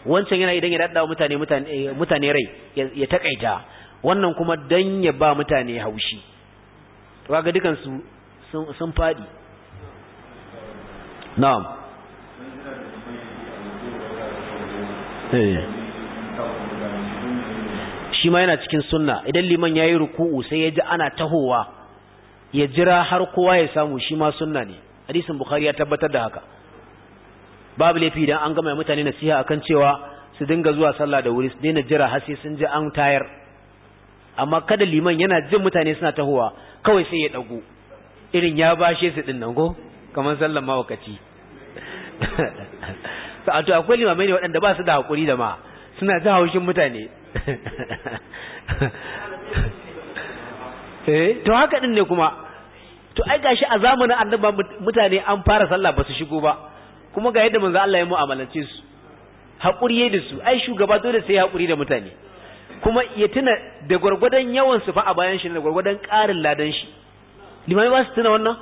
wancan yana yi dan ya daddawa mutane mutane eh, mutane rai ya takaita wannan kuma dan ya ba mutane haushi kaga dukan su sun fadi na'am eh. shi ma yana cikin sunna idan liman yayi ruku'u sai yaji ana tahowa ya jira har kowa ya samu shi ma sunna ne hadisin bukhari ya tabbatar da haka babu laifi idan an gama mutane nasiha akan cewa su dinga zuwa sallah da wuri su daina jira har sai sun ji an tayar amma kada liman yana jin mutane suna tahowa kawai sai ya dago irin ya bashe su din nan go kamar sallan mawakaci to akwai limamai ne waɗanda ba su da hakuri da ma suna ji haushin mutane eh to haka din ne kuma to ai gashi a zamanin annaba mutane an fara sallah ba su shigo ba kuma ga yadda manzo Allah ya mu'amalance su hakuri yayin da su ai shugaba dole sai hakuri da mutane kuma ya tuna da gurgurdan yawan su fa a bayan shi da gurgurdan ƙarin ladan shi limami ba su tuna wannan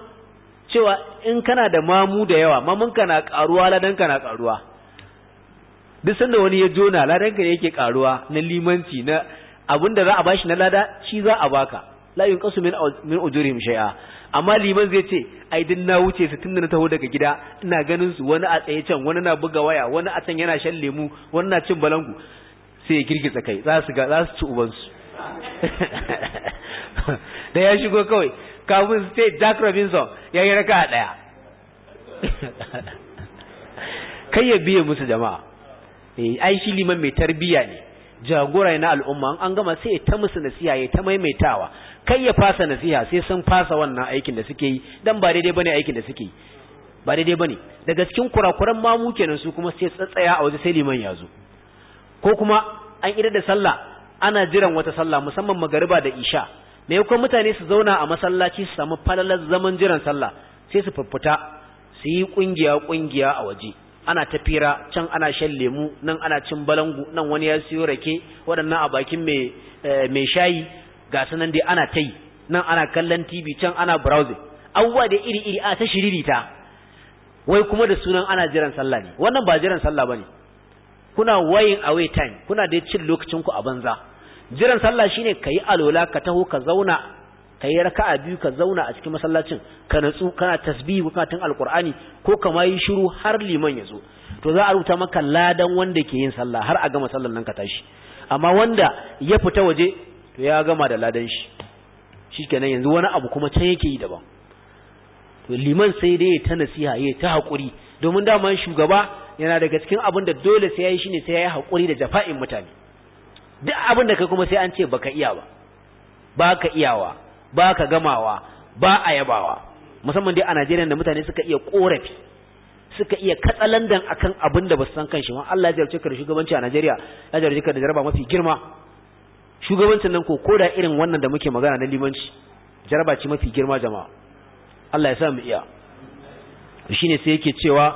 cewa in kana da mamu da yawa mamun ka na ƙaruwa ladan ka na ƙaruwa duk sanda wani ya jona ladan ka yake karuwa na limanci na abin da za a bashi na lada shi za a baka la yunqasu min min ujurihim shay'a amma liman zai ce ai din na wuce su tunda na taho daga gida ina ganin su wani a tsaye can wani na buga waya wani a can yana shan lemu wani na cin balangu sai ya girgiza kai za su ga za su ci uban su da ya shigo kawai kafin su ce Jack Robinson ya yi raka daya kai ya biye musu jama'a eh ai shi liman mai tarbiya ne jagora na al'umma an gama sai ya ta musu nasiha ya ta maimaitawa kai ya fasa nasiha sai sun fasa wannan aikin da suke yi dan ba daidai bane aikin da suke yi ba daidai bane daga cikin kurakuran mamu kenan su kuma sai tsatsaya a waje sai liman ya zo ko kuma an idar da sallah ana jiran wata sallah musamman magariba da isha me ko mutane su zauna a masallaci su samu falalar zaman jiran sallah sai su fuffuta su yi kungiya kungiya a waje ana tafira can ana shan lemu nan ana cin balangu nan wani ya siyo rake waɗannan a bakin mai eh, shayi ga sanan dai ana tai nan ana kallon TV can ana browsing abubuwa da iri iri a ta shiriri ta. wai kuma da sunan ana jiran sallah ne wannan ba jiran sallah bane kuna wayin away time kuna da cin lokacin ku a banza jiran sallah shine yi alola ka taho ka zauna ka yi raka'a biyu ka zauna a cikin masallacin ka natsu kana tasbihi ko tun alqur'ani ko ka yi shiru har liman ya zo to za a rubuta maka ladan wanda ke yin sallah har a gama sallan nan ka tashi amma wanda ya fita waje to ya gama da ladan shi shikenan yanzu wani abu kuma can yake yi daban to liman sai dai ya ta nasiha ya ta hakuri domin daman shugaba yana daga cikin abin da dole sai yayi shine sai yayi hakuri da jafa'in mutane duk abin da kai kuma sai an ce baka iya ba baka iyawa ba ka gamawa ba a yabawa musamman dai a Najeriya da mutane suka iya korafi suka iya katsalandan akan abin da ba su san kanshi ma Allah ya jarce ka da shugabanci a Najeriya ya jarce ka da jaraba mafi girma shugabancin nan ko koda irin wannan da muke magana na limanci jaraba ce mafi girma jama'a Allah ya sa mu iya shine sai yake cewa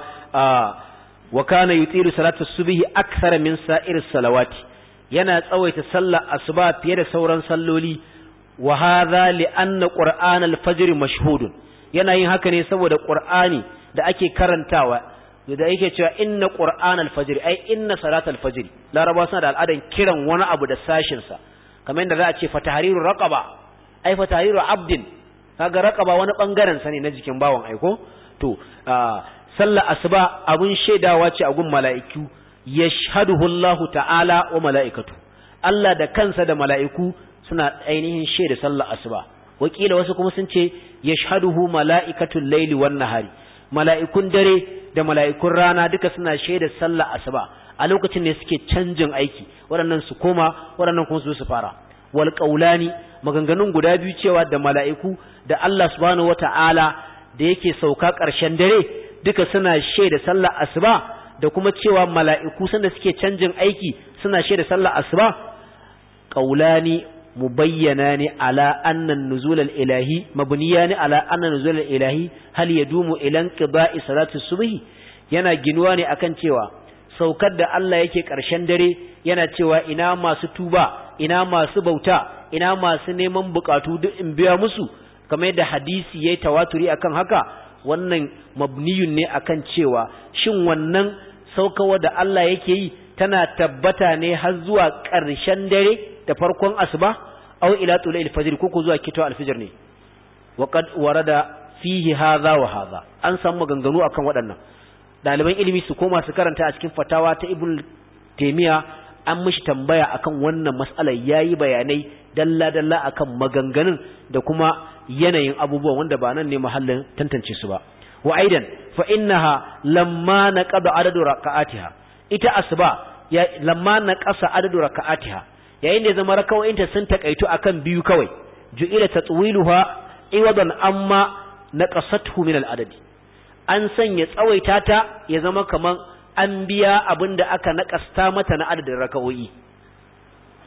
wa kana yutiru salatu subhi akthara min sa'ir salawati yana tsawaita sallar asuba fiye da sauran salloli wa hadha li anna qur'an al-fajr mashhud yana yin haka ne saboda qur'ani da ake karantawa da yake cewa inna qur'an al-fajr ai inna salat al-fajr laraba suna da al'adan kiran wani abu da sashin sa kamar yadda za a ce fatahriru raqaba ai fatahriru abdin kaga raqaba wani bangaren sa ne na jikin bawon aiko to sallah asuba abun shaidawa ce a gun mala'iku yashhaduhu Allah ta'ala wa mala'ikatu Allah da kansa da mala'iku suna ainihin shaida sallar asuba wakila wasu kuma sun ce yashhaduhu mala'ikatul laili wannan hari mala'ikun dare da mala'ikun rana duka suna shaida sallar asuba a lokacin ne suke canjin aiki waɗannan su koma waɗannan kuma su su fara wal qaulani maganganun guda biyu cewa da mala'iku da Allah subhanahu wata'ala da yake sauka ƙarshen dare duka suna shaida sallar asuba da kuma cewa mala'iku sanda suke canjin aiki suna shaida sallar asuba qaulani Mu bayyana ala annan nuzulal ilahi mabniya ne ala annan nuzulal ilahi hal yadumu ilan qida'i salati subhi yana ginuwa ne akan cewa saukar da Allah yake ƙarshen dare yana cewa ina masu tuba ina masu bauta ina masu neman bukatu duk in biya musu kamar yadda hadisi yayi tawaturi akan haka wannan mabniyun ne akan cewa shin wannan saukawa da Allah yake yi tana tabbata ne har zuwa ƙarshen dare da farkon asuba aw ila tulil fajr ko ko zuwa kito alfijir ne wa qad warada fihi hadha wa hadha an san maganganu akan waɗannan daliban ilimi su koma su karanta a cikin fatawa ta ibn taymiya an mishi tambaya akan wannan mas'alar yayi bayanai dalla dalla akan maganganun da kuma yanayin abubuwa wanda ba nan ne mahallin tantance su ba wa aidan fa innaha lamma naqada adadu raka'atiha ita asba ya lamma naqasa adadu raka'atiha yayin da ya zama rakawoyinta sun takaitu kan biyu kawai ju'ila tatwiluha iwadan amma naqasathu min al-adadi an sanya tsawaita ta ya zama kaman an biya abinda aka naƙasta mata na adadin rakawoyi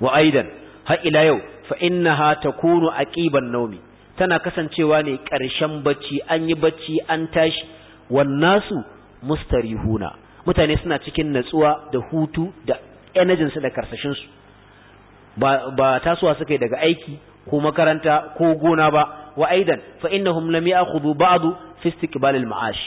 wa aidan har ila yau fa innaha takunu aqiban nawmi tana kasancewa ne ƙarshen bacci an yi bacci an tashi wannasu mustarihuna mutane suna cikin natsuwa da hutu da energy da karsashin su ba tasuwa tasowa daga aiki ko makaranta ko gona ba wa aidan fa innahum lam ya'khudhu ba'du fi istiqbal al-ma'ash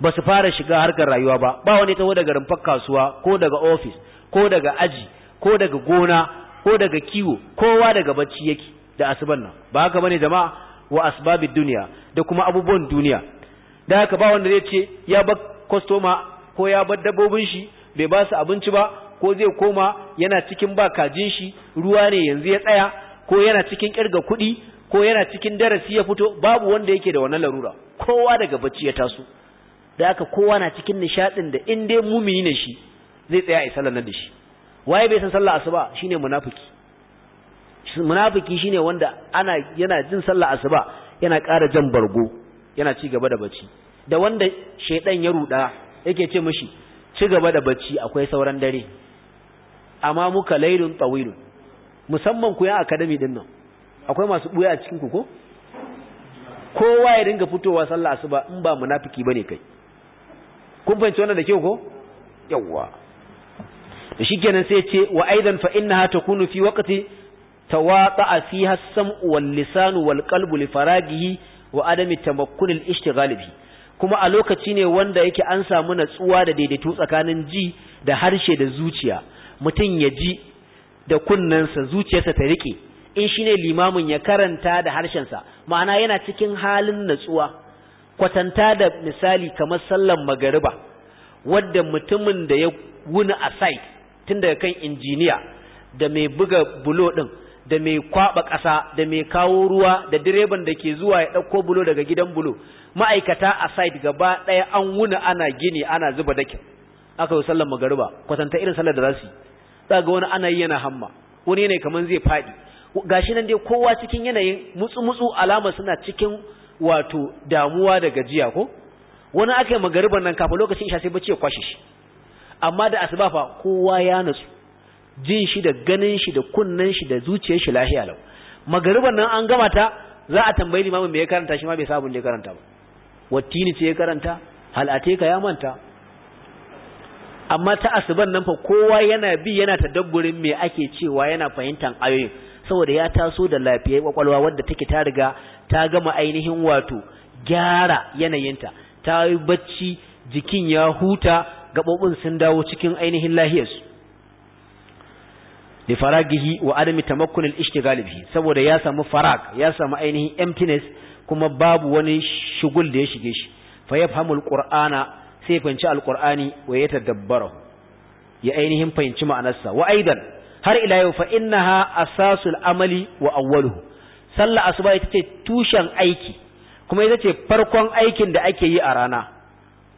ba su fara shiga harkar rayuwa ba ba wani taho daga rumfar kasuwa ko daga office ko daga aji ko daga gona ko daga kiwo kowa daga bacci yake da asuban nan ba haka bane jama'a wa asbabid dunya da kuma abubuwan duniya da haka ba wanda zai ce ya bar kwastoma ko ya bar dabbobin shi bai ba su abinci ba ko zai koma yana cikin ba kajin shi ruwa ne yanzu ya tsaya ko yana cikin kirga kuɗi ko yana cikin darasi ya fito babu wanda yake da wannan larura kowa daga bacci ya taso da aka kowa na cikin nishaɗin da in dai mumini ne shi zai tsaya a sallar nan da shi waye bai san sallar asuba shine munafiki munafiki shine wanda ana yana jin sallar asuba yana ƙara jan bargo yana ci gaba da bacci da wanda shaidan ya ruda yake ce mishi ci gaba da bacci akwai sauran dare Amma muka laylun tawilun musamman ku ya academy din nan akwai masu buya a cikin ko kowa ya dinga fitowa sallah asuba in ba munafiki bane kai kun fahimci wannan da kyau ko yawwa shikenan sai ce wa aidan fa innaha takunu fi waqti tawata fiha as-sam'u wal lisanu wal qalbu li faragihi wa adami tamakkun al-ishtighal bi kuma a lokaci ne wanda yake an samu natsuwa da daidaito tsakanin ji da harshe da zuciya mutum ya ji da kunnensa zuciyarsa ta rike in shine limamin ya karanta da harshensa ma'ana yana cikin halin natsuwa kwatanta da misali kamar sallan magariba wadda mutumin da ya wuni a site tun daga kan injiniya da mai buga bulo din da mai kwaba ƙasa da mai kawo ruwa da direban da ke zuwa ya ɗauko bulo daga gidan bulo ma'aikata a site gaba ɗaya an wuni ana gini ana zuba dakin aka yi sallar magariba kwatanta irin sallar da za su yi za ga wani ana yana hamma wani ne kaman zai faɗi gashi nan dai kowa cikin yanayin mutsu-mutsu alama suna cikin wato damuwa da gajiya ko wani aka yi magariban nan kafin lokacin isha sai bacci ya kwashe shi amma da asbafa kowa ya nutsu jin shi da ganin shi da kunnen shi da zuciyar shi lafiya lau magariban nan an gama ta za a tambayi limamin me ya karanta shi ma bai sabon da ya karanta ba wattini ce ya karanta hal'ate ka ya manta amma ta asuban nan fa kowa yana bi yana ta tadabburin me ake cewa yana fahimtar ayoyin saboda ya taso da lafiyar kwakwalwa wadda take ta riga ta gama ainihin wato gyara yanayinta ta yi bacci jikin ya huta gabobin sun dawo cikin ainihin lahiyarsu li faragihi wa adami ta makunin ishtigal Galibi saboda ya samu farag ya samu ainihin emptiness kuma babu wani shugul da ya shige shi fa yafhamul qur'ana sai fahimci alqur'ani wa ya dabbaro ya ainihin fahimci ma'anarsa wa aidan har ila yau fa innaha asasul amali wa awwaluhu sallah asuba ita ce tushen aiki kuma ita ce farkon aikin da ake yi a rana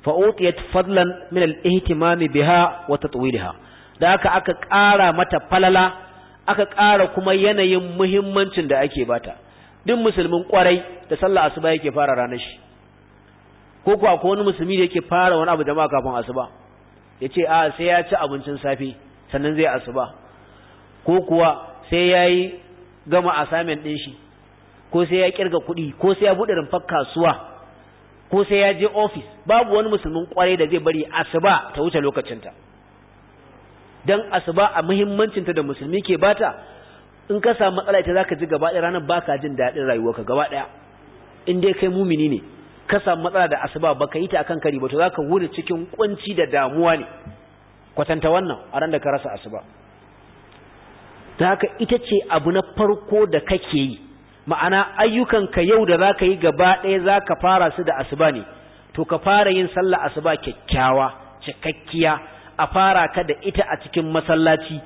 fa utiyat fadlan min al-ihtimam biha wa tatwilha da haka aka ƙara mata falala aka ƙara kuma yanayin muhimmancin da ake bata duk musulmin kwarai da sallah asuba yake fara ranar shi ko kuwa ko wani musulmi da yake fara wani abu jama'a kafin asuba ya ce a sai ya ci abincin safe sannan zai asuba ko kuwa sai ya yi gama assignment ɗin shi ko sai ya kirga kuɗi ko sai ya buɗe rumfar kasuwa ko sai ya je ofis babu wani musulmin kwarai da zai bari asuba ta wuce lokacinta don asuba a muhimmancinta da musulmi ke bata in ka samu matsala ita zaka ji gaba ɗaya ranar baka jin daɗin rayuwarka gaba ɗaya in dai kai mumini ne ka samu matsala da asuba baka yi ta akan kari ba to zaka wuri cikin kunci da damuwa ne kwatanta wannan a ran da ka rasa asuba ta haka ita ce abu na farko da kake yi ma'ana ayyukanka yau da zaka yi gaba ɗaya zaka fara su da asuba ne to ka fara yin sallah asuba kyakkyawa cikakkiya a fara ka da ita a cikin masallaci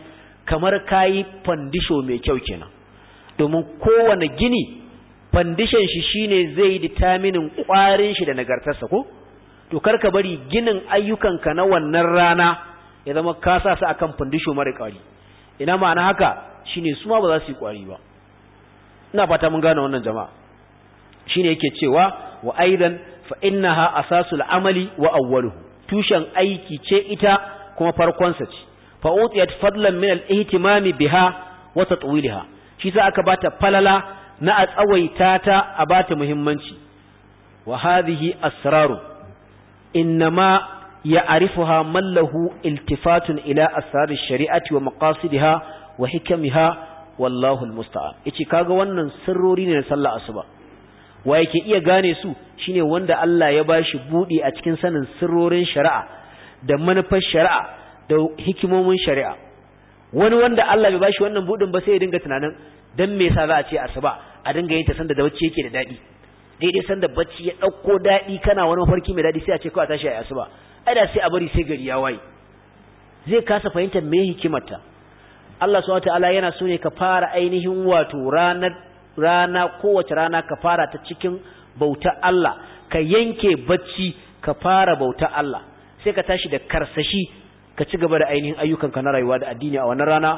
kamar kayi fandisho mai kyau kenan domin kowane gini fandishan shi shine zai ditaminin kwarin shi da nagartarsa ko to karka bari ginin ayyukanka na wannan rana ya zama ka sa su akan fandisho mara kwari ina ma'ana haka shine su ma ba za su yi kwari ba ina fata mun gane wannan jama'a shine yake cewa wa aidan fa innaha asasul amali wa awwaluhu tushen aiki ce ita kuma farkon sa ce fa utiyat fadlan min al-ihtimami biha wa tatwilha shi sa aka bata falala na a tsawaita ta a bata muhimmanci wa hadhihi asraru innama ya'rifuha man lahu iltifatun ila asrar shari'ati wa maqasidiha wa hikamiha wallahu almusta'an yace kaga wannan sirrori ne na sallah asuba wa yake iya gane su shine wanda Allah ya bashi budi a cikin sanin sirrorin shari'a da manufar shari'a da hikimomin shari'a wani wanda Allah bai bashi wannan budin ba sai ya dinga tunanin dan me yasa za a ce asuba a dinga yin ta sanda da bacci yake da dadi daidai sanda bacci ya dauko dadi kana wani mafarki mai dadi sai a ce kawai a tashi a asuba ai da sai a bari sai gari ya waye zai kasa fahimtar me hikimarta Allah subhanahu wataala yana so ne ka fara ainihin wato ranar rana kowace rana ka fara ta cikin bauta Allah ka yanke bacci ka fara bauta Allah sai ka tashi da karsashi ka ci gaba da ainihin ayyukanka na rayuwa da addini a wannan rana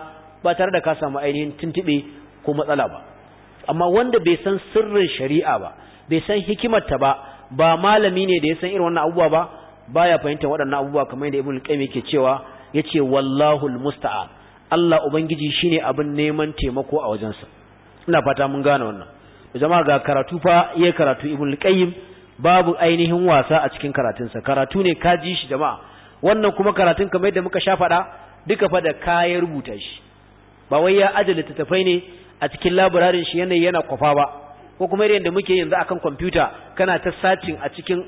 ba tare da ka samu ainihin tuntube ko matsala ba amma wanda bai san sirrin shari'a ba bai san hikimarta ba ba malami ne da ya san irin wannan abubuwa ba baya fahimta waɗannan abubuwa kamar yadda ibnu qayyim yake cewa yace wallahu almusta'an Allah ubangiji shine abin neman taimako a wajen sa. ina fata mun gane wannan jama'a ga karatu fa ya karatu ibnu qayyim babu ainihin wasa a cikin karatunsa karatu ne ka ji shi jama'a wannan kuma karatun kamar yadda muka sha faɗa duka fa da ka ya rubuta shi ba wai ya ajalta littattafai ne a cikin labirarin shi yanayi yana kwafa ba ko kuma yadda da muke yanzu akan kwamfuta kana ta searching a cikin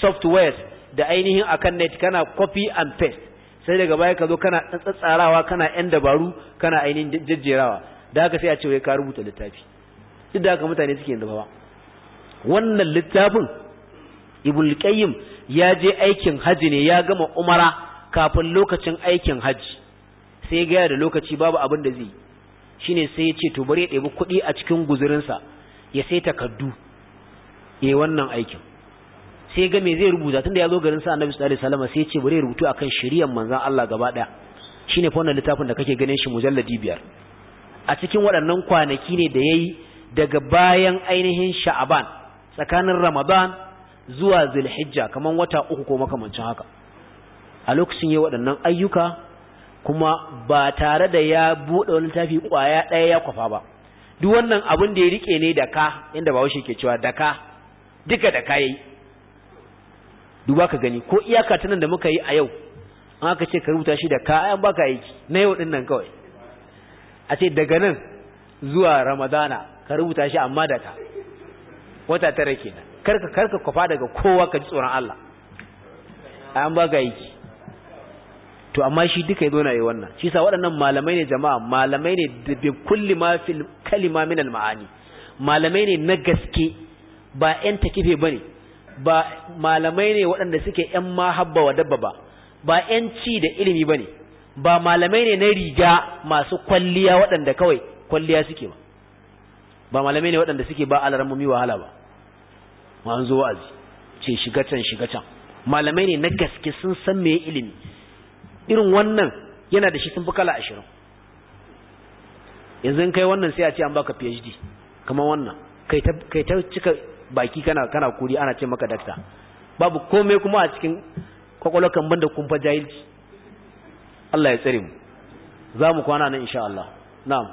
softwares da ainihin akan net kana copy and paste sai daga baya ka zo kana tsarawa kana yan dabaru kana ainihin jajjerawa da haka sai a ce wai ka rubuta littafi duk da haka mutane suke yanzu ba wannan littafin ibul qayyim ya je aikin haji ne ya gama umara kafin lokacin aikin haji sai ga da lokaci babu abin da zai yi shine sai ya ce to bari ya ɗebi kuɗi a cikin guzurinsa ya sai takardu ya yi wannan aikin sai ga me zai rubuta tun da ya zo garin sa annabi sallallahu alaihi wasallam sai ya ce bari ya rubutu akan shari'ar manzon Allah gaba ɗaya shine fa wannan littafin da kake ganin shi mujalladi biyar a cikin waɗannan kwanaki ne da yayi daga bayan ainihin sha'aban tsakanin ramadan zuwa zulhijja kaman wata uku ko makamancin haka a lokacin yayi waɗannan ayyuka kuma ba tare da ya buɗe wani tafi ƙwaya ɗaya ya kwafa ba duk wannan abin da ya rike ne da ka inda wushe ke cewa da ka duka da ka yi duba ka gani ko iyaka ta nan da muka yi a yau an aka ce ka rubuta shi da ka an baka aiki na yau din nan kawai a ce daga nan zuwa ramadana ka rubuta shi amma da ka wata tara kenan karka karka kwafa daga kowa ka ji tsoron Allah an baka aiki to amma shi duka ya zo na yi wannan shi sa waɗannan malamai ne jama'a malamai ne bi kulli ma fil kalima min al ma'ani malamai ne na gaske ba ƴan takife bane ba malamai ne waɗanda suke ƴan mahabba wa dabba ba ba ƴan ci da ilimi bane ba malamai ne na riga masu kwalliya waɗanda kawai kwalliya suke ba ba malamai ne waɗanda suke ba alaramumi wahala ba ma an zo wa'azi ce shiga can shiga can malamai ne na gaske sun san me ilimi irin wannan yana da shi sun fi kala ashirin yanzu in kai wannan sai a ce an baka phd kama wannan kai ta cika baki kana kana kuri ana ce maka dakta babu komai kuma a cikin kwakwalwakan banda kumfa jahilci Allah ya tsare mu za mu kwana nan insha Allah na'am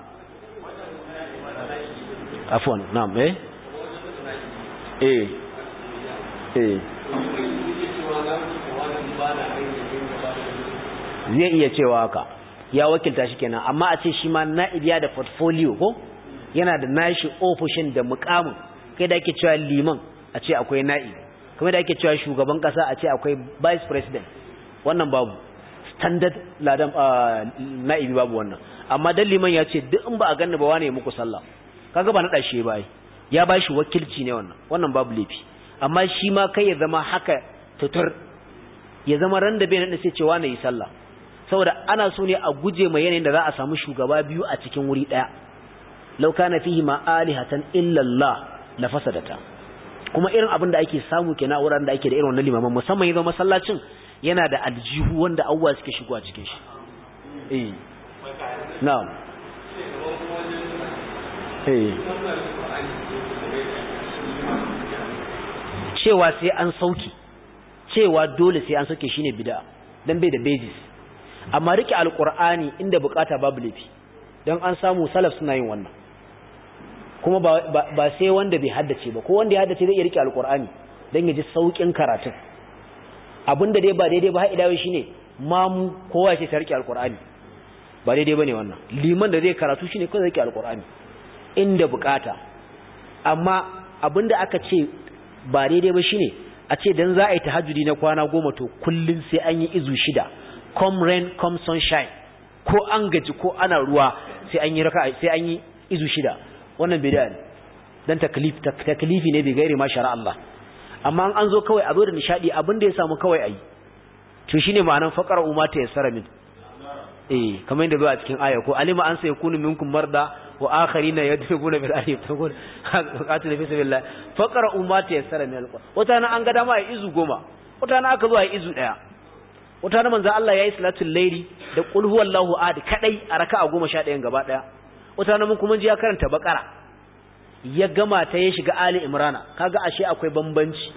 afon na'am eh eh eh zai iya cewa haka ya wakilta shi kenan amma a ce shi ma na'ib ya da portfolio ko yana da nashi ofishin da mukamin kai da ake cewa liman a ce akwai na'ib kuma da ake cewa shugaban kasa a ce akwai vice president wannan babu standard ladan na'ibi babu wannan amma dan liman ya ce duk in ba a ganni ba wane muku sallah kaga ba na dashe ba ya bashi wakilci ne wannan wannan babu laifi amma shi ma kai ya zama haka tutur ya zama ran da bai nan sai ce wane yi sallah saboda ana so ne a guje ma yanayin da za a samu shugaba biyu a cikin wuri ɗaya. Lauka na fihi ma alihatan illa Allah fasadata kuma irin abin da ake samu na wuraren da ake da irin wannan limaman musamman zama masallacin yana da aljihu wanda awwa suke shigo a cikin shi eh. Eh. cewa sai an sauki cewa dole sai an sauke shine bid'a dan bai da basis amma rike alqur'ani inda bukata babu lafi dan an samu salaf suna yin wannan kuma ba sai wanda bai haddace ba ko wanda ya haddace zai iya rike alqur'ani dan ya ji saukin karatun abinda dai ba daidai ba har idawo shine mamu kowa ce ta rike alqur'ani ba daidai bane wannan liman da zai karatu shine ko zai rike alqur'ani inda bukata amma abinda aka ce ba daidai ba shine a ce dan za a yi tahajjudi na kwana goma to kullun sai an yi izu shida come rain come sunshine ko an gaji ko ana ruwa sai an yi raka'a sai an yi izu shida wannan bid'a ne dan taklif taklifi ne bai gairi ma shara Allah amma an zo kawai a zo da nishadi abin da ya samu kawai ayi to shine ma'anar faqara umma ta yassara min eh kamar yadda zuwa cikin aya ko alima an kunu minkum marda wa akharina yadrubuna bil ayyib taqul qatilu fi sabilillah faqara umma ta yassara min alqur wata na an ga dama ya izu goma wata na aka zo ya izu daya wata na manzo Allah yayi salatul laili da qul huwallahu ahad kaɗai a raka'a 11 gaba daya wata na mun kuma ji ya karanta bakara ya gama ta ya shiga ali imrana kaga ashe akwai bambanci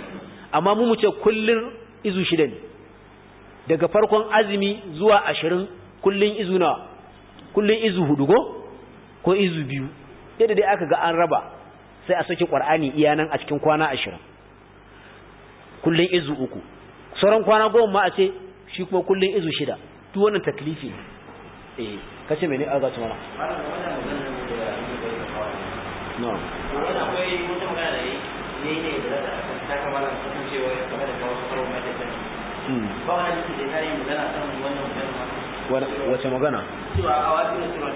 amma mu mu ce kullun izu shida ne daga farkon azumi zuwa 20 kullun izu na kullun izu hudu go ko izu biyu yadda dai aka ga an raba sai a saki qur'ani nan a cikin kwana 20 kullun izu uku sauran kwana goma ma a ce shi kuma kullum izu shida duk wannan taklifi eh kace mene a no wannan akwai wata magana da ne ne da ta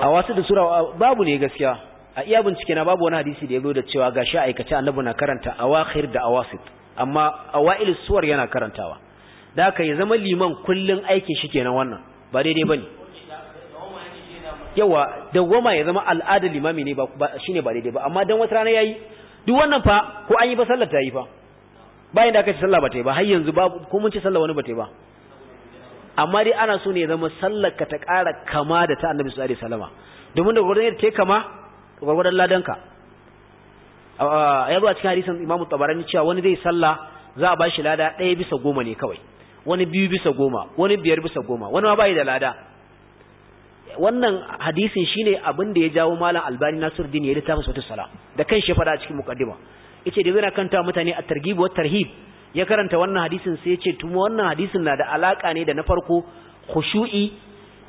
a wasu da sura babu ne gaskiya a iya bincike na babu wani hadisi da ya zo da cewa gashi aikace annabi na karanta awakhir da awasit amma awailus suwar yana karantawa da ka yi zama liman kullum aikin shi kenan wannan ba daidai ba ne yawa dawwama ya zama al'ada limami ne ba shine ba daidai ba amma dan wata rana ya yi duk wannan fa ko an yi ba sallar ta yi fa bayan da aka ci sallah ba ta yi ba har yanzu ba ko mun ci sallah wani ba ta yi ba amma dai ana so ne ya zama sallar ka ta ƙara kama da ta annabi sallallahu alaihi wasallam domin da gwargwadon yadda ta kama gwargwadon ladanka A zo a cikin hadisin imamu tabarani cewa wani zai sallah za a ba shi lada ɗaya bisa goma ne kawai wani biyu bisa goma wani biyar bisa goma wani ma bai da lada wannan hadisin shine abin da ya jawo malam albani nasiruddin ya littafin sautu sala da kan shi fada a cikin muqaddima yace da yana kanta mutane a targhib wa tarhib ya karanta wannan hadisin sai yace tuma wannan hadisin na da alaka ne da na farko khushu'i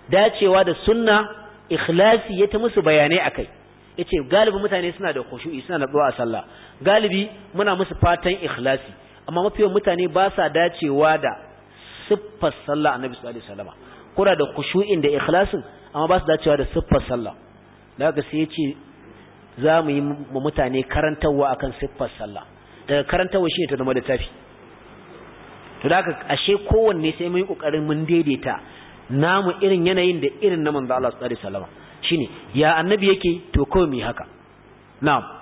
dacewa da sunna ikhlasi ya ta musu bayanai akai yace galibi mutane suna da khushu'i suna natsuwa a sallah galibi muna musu fatan ikhlasi amma mafiyan mutane ba sa dacewa da siffar sallah annabi sallallahu alaihi wasallam kuna da khushu'in da ikhlasin amma ba su dacewa da siffar sallah da haka sai yace za mu yi mu mutane karantarwa akan siffar sallah daga karantawa shi ta zama littafi to da ashe kowanne sai mun yi kokarin mun daidaita namu irin yanayin da irin na manzo Allah sallallahu alaihi wasallam shine ya annabi yake to kawai mu yi haka na'am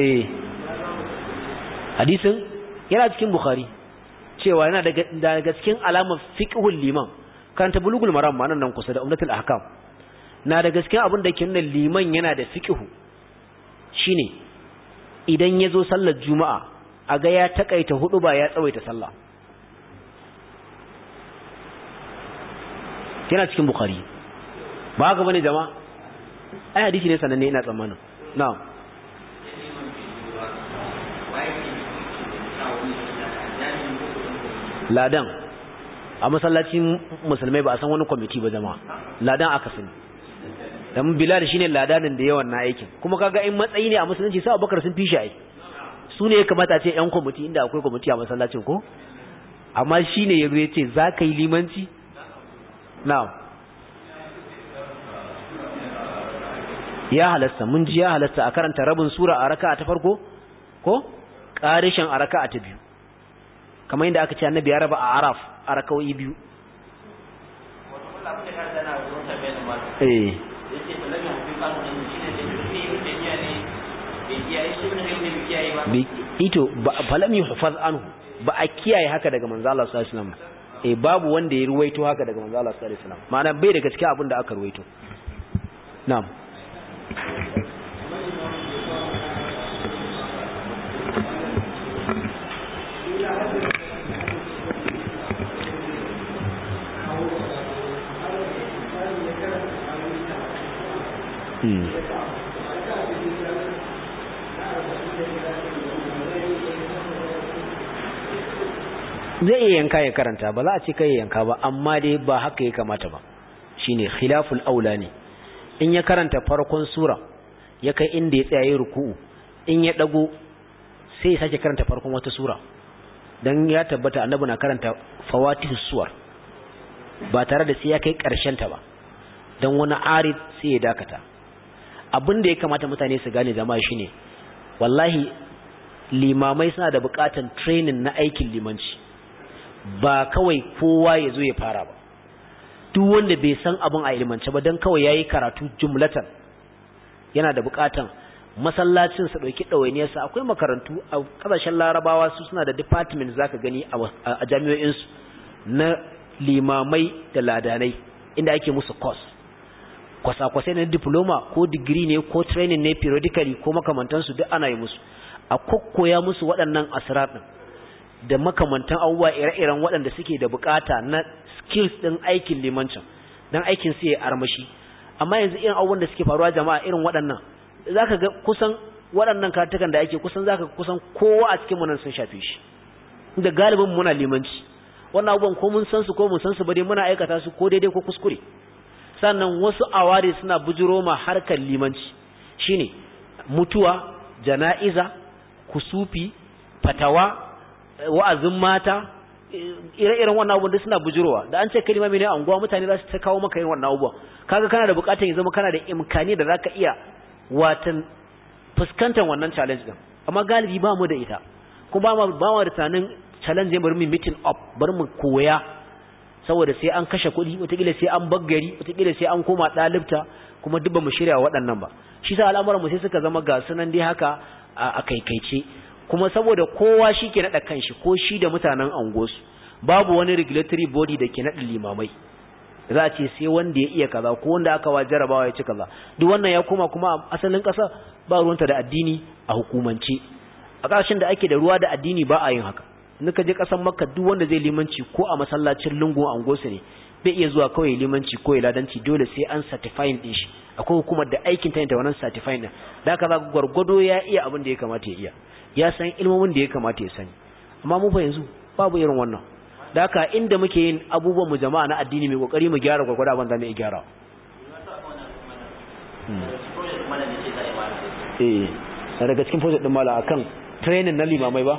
eh hadisin yana cikin bukhari cewa yana daga cikin alamar fiqhul liman karanta bulugul maram ma nan kusa da umdatul ahkam na daga cikin abin da ke nan liman yana da fiqhu shine idan yazo sallar juma'a a ga ya takaita hudu ba ya tsawaita sallah yana cikin bukhari ba ga bane jama'a ai hadisi ne sananne ina tsammanin na'am ladan a masallacin musulmai ba a san wani kwamiti ba zama ladan aka sani dan bilal shine ladanin da yawan na aikin kuma kaga in matsayi ne a musulunci sai abubakar sun fi shi ai su ne ya kamata a ce yan kwamiti inda akwai kwamiti a masallacin ko amma shine ne ya ce za ka yi limanci na'am ya halasta mun ji ya halasta a karanta rabin sura a raka'a ta farko ko karishin a raka'a ta biyu kamar yadda aka ce annabi ya raba a araf a rakawai biyu eh. ito falami yuhfaz anhu ba a kiyaye haka daga manzala su sallallahu alaihi eh babu wanda ya ruwaito haka daga manzala su sallallahu ma'ana bai da gaske abin da aka ruwaito na'am zai iya yanka ya karanta ba za a ce kai yanka ba amma dai ba haka ya kamata ba shine khilaful aula ne in ya karanta farkon sura ya kai inda ya tsaya ruku'u in ya dago sai ya sake karanta farkon wata sura dan ya tabbata annabi na karanta fawatihus suwar ba tare da sai ya kai karshen ta ba dan wani arid sai ya dakata abin da ya kamata mutane su gane zama shine wallahi limamai suna da bukatan training na aikin limanci ba kawai kowa ya zo ya fara ba duk wanda bai san abin a ilimance ba don kawai ya yi karatu jumlatan yana da bukatan masallacin sa ɗauki ɗawainiyarsa akwai makarantu a ƙasashen larabawa su suna da department za ka gani a jami'o'insu na limamai da ladanai inda ake musu course kwasa-kwasai na diploma ko digiri ne ko training ne periodically ko makamantansu duk ana yi musu a kokkoya musu waɗannan asirat ɗin da makamantan abubuwa ire-iren waɗanda suke da bukata na skills ɗin aikin limancin don aikin su ya armashi amma yanzu irin abubuwan da suke faruwa jama'a irin waɗannan za ka ga kusan waɗannan kartukan da ake kusan za ka kusan kowa a cikin munan sun shafe shi da galibin muna limanci wannan abubuwan ko mun san su ko mun san su ba dai muna aikata su ko daidai ko kuskure sannan wasu aware suna bujiro ma harkar limanci shine mutuwa jana'iza kusufi fatawa wa'azin mata ire-iren wannan abubuwan suna bujurowa da an ce kalima mai ne unguwa mutane za su ta kawo maka yin wannan abubuwan kaga kana da bukatar ya zama kana da imkani da zaka iya watan fuskantar wannan challenge din amma galibi ba mu da ita kuma ba mu ba mu da tunanin challenge bari mu meeting up bari mu koya saboda sai an kashe kuɗi wataƙila sai an baggari wataƙila sai an koma ɗalibta kuma duk ba mu shirya waɗannan ba shi sa al'amuran mu sai suka zama ga sunan dai haka a kaikaice kuma saboda kowa shi ke naɗa kanshi ko shi da mutanen angosu babu wani regulatory body da ke naɗa limamai za a ce sai wanda ya iya kaza ko wanda aka jarabawa ya ci kaza duk wannan ya koma kuma a asalin ƙasa ba ruwanta da addini a hukumance a ƙasashen da ake da ruwa da addini ba a yin haka nuka je ƙasar makka duk wanda zai limanci ko a masallacin lungun angosu ne bai iya zuwa kawai limanci ko ladanci dole sai an certifying din shi akwai hukumar da aikin ta yin ta wannan certifying din da haka za gwargwado ya iya abin da ya kamata ya iya ya san ilmomin da ya kamata ya sani amma mu fa yanzu babu irin wannan da haka inda muke yin abubuwan mu jama'a na addini mai kokari mu gyara gwargwada abin da mu gyara hmm. eh daga cikin project din mallaka kan training na limamai ba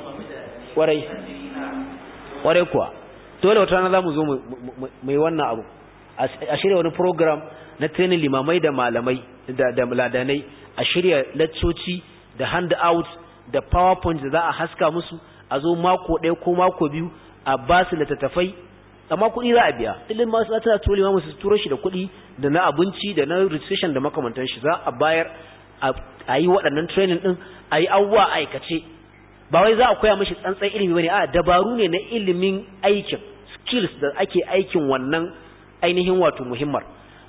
kwarai kwarai kuwa dole wata rana zamu zo mu yi wannan abu a shirya wani program na training limamai da malamai da ladanai a shirya laccoci da hand out da powerpoint da za a haska musu a zo mako ɗaya ko mako biyu a ba su littattafai amma kuɗi za a biya ilin masu za ta ma su turo shi da kuɗi da na abinci da na registration da makamantan shi za a bayar a yi waɗannan training ɗin a yi abubuwa a aikace ba wai za a koya mashi tsantsan ilimi ba ne a dabaru ne na ilimin aikin skills da ake aikin wannan ainihin wato muhimmar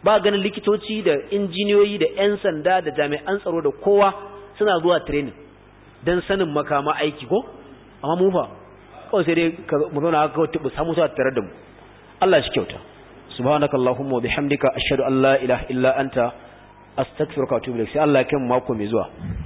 ba ganin likitoci da injiniyoyi da 'yan sanda da jami'an tsaro da kowa suna zuwa training dan sanin makama aiki ko amma mu fa kawai sai dai mu zauna haka kawai tubu samu sa tare da mu Allah shi kyauta subhanakallahumma wa bihamdika ashhadu an la ilaha illa anta astaghfiruka wa atubu ilaik sai Allah ya kai mu mako mai zuwa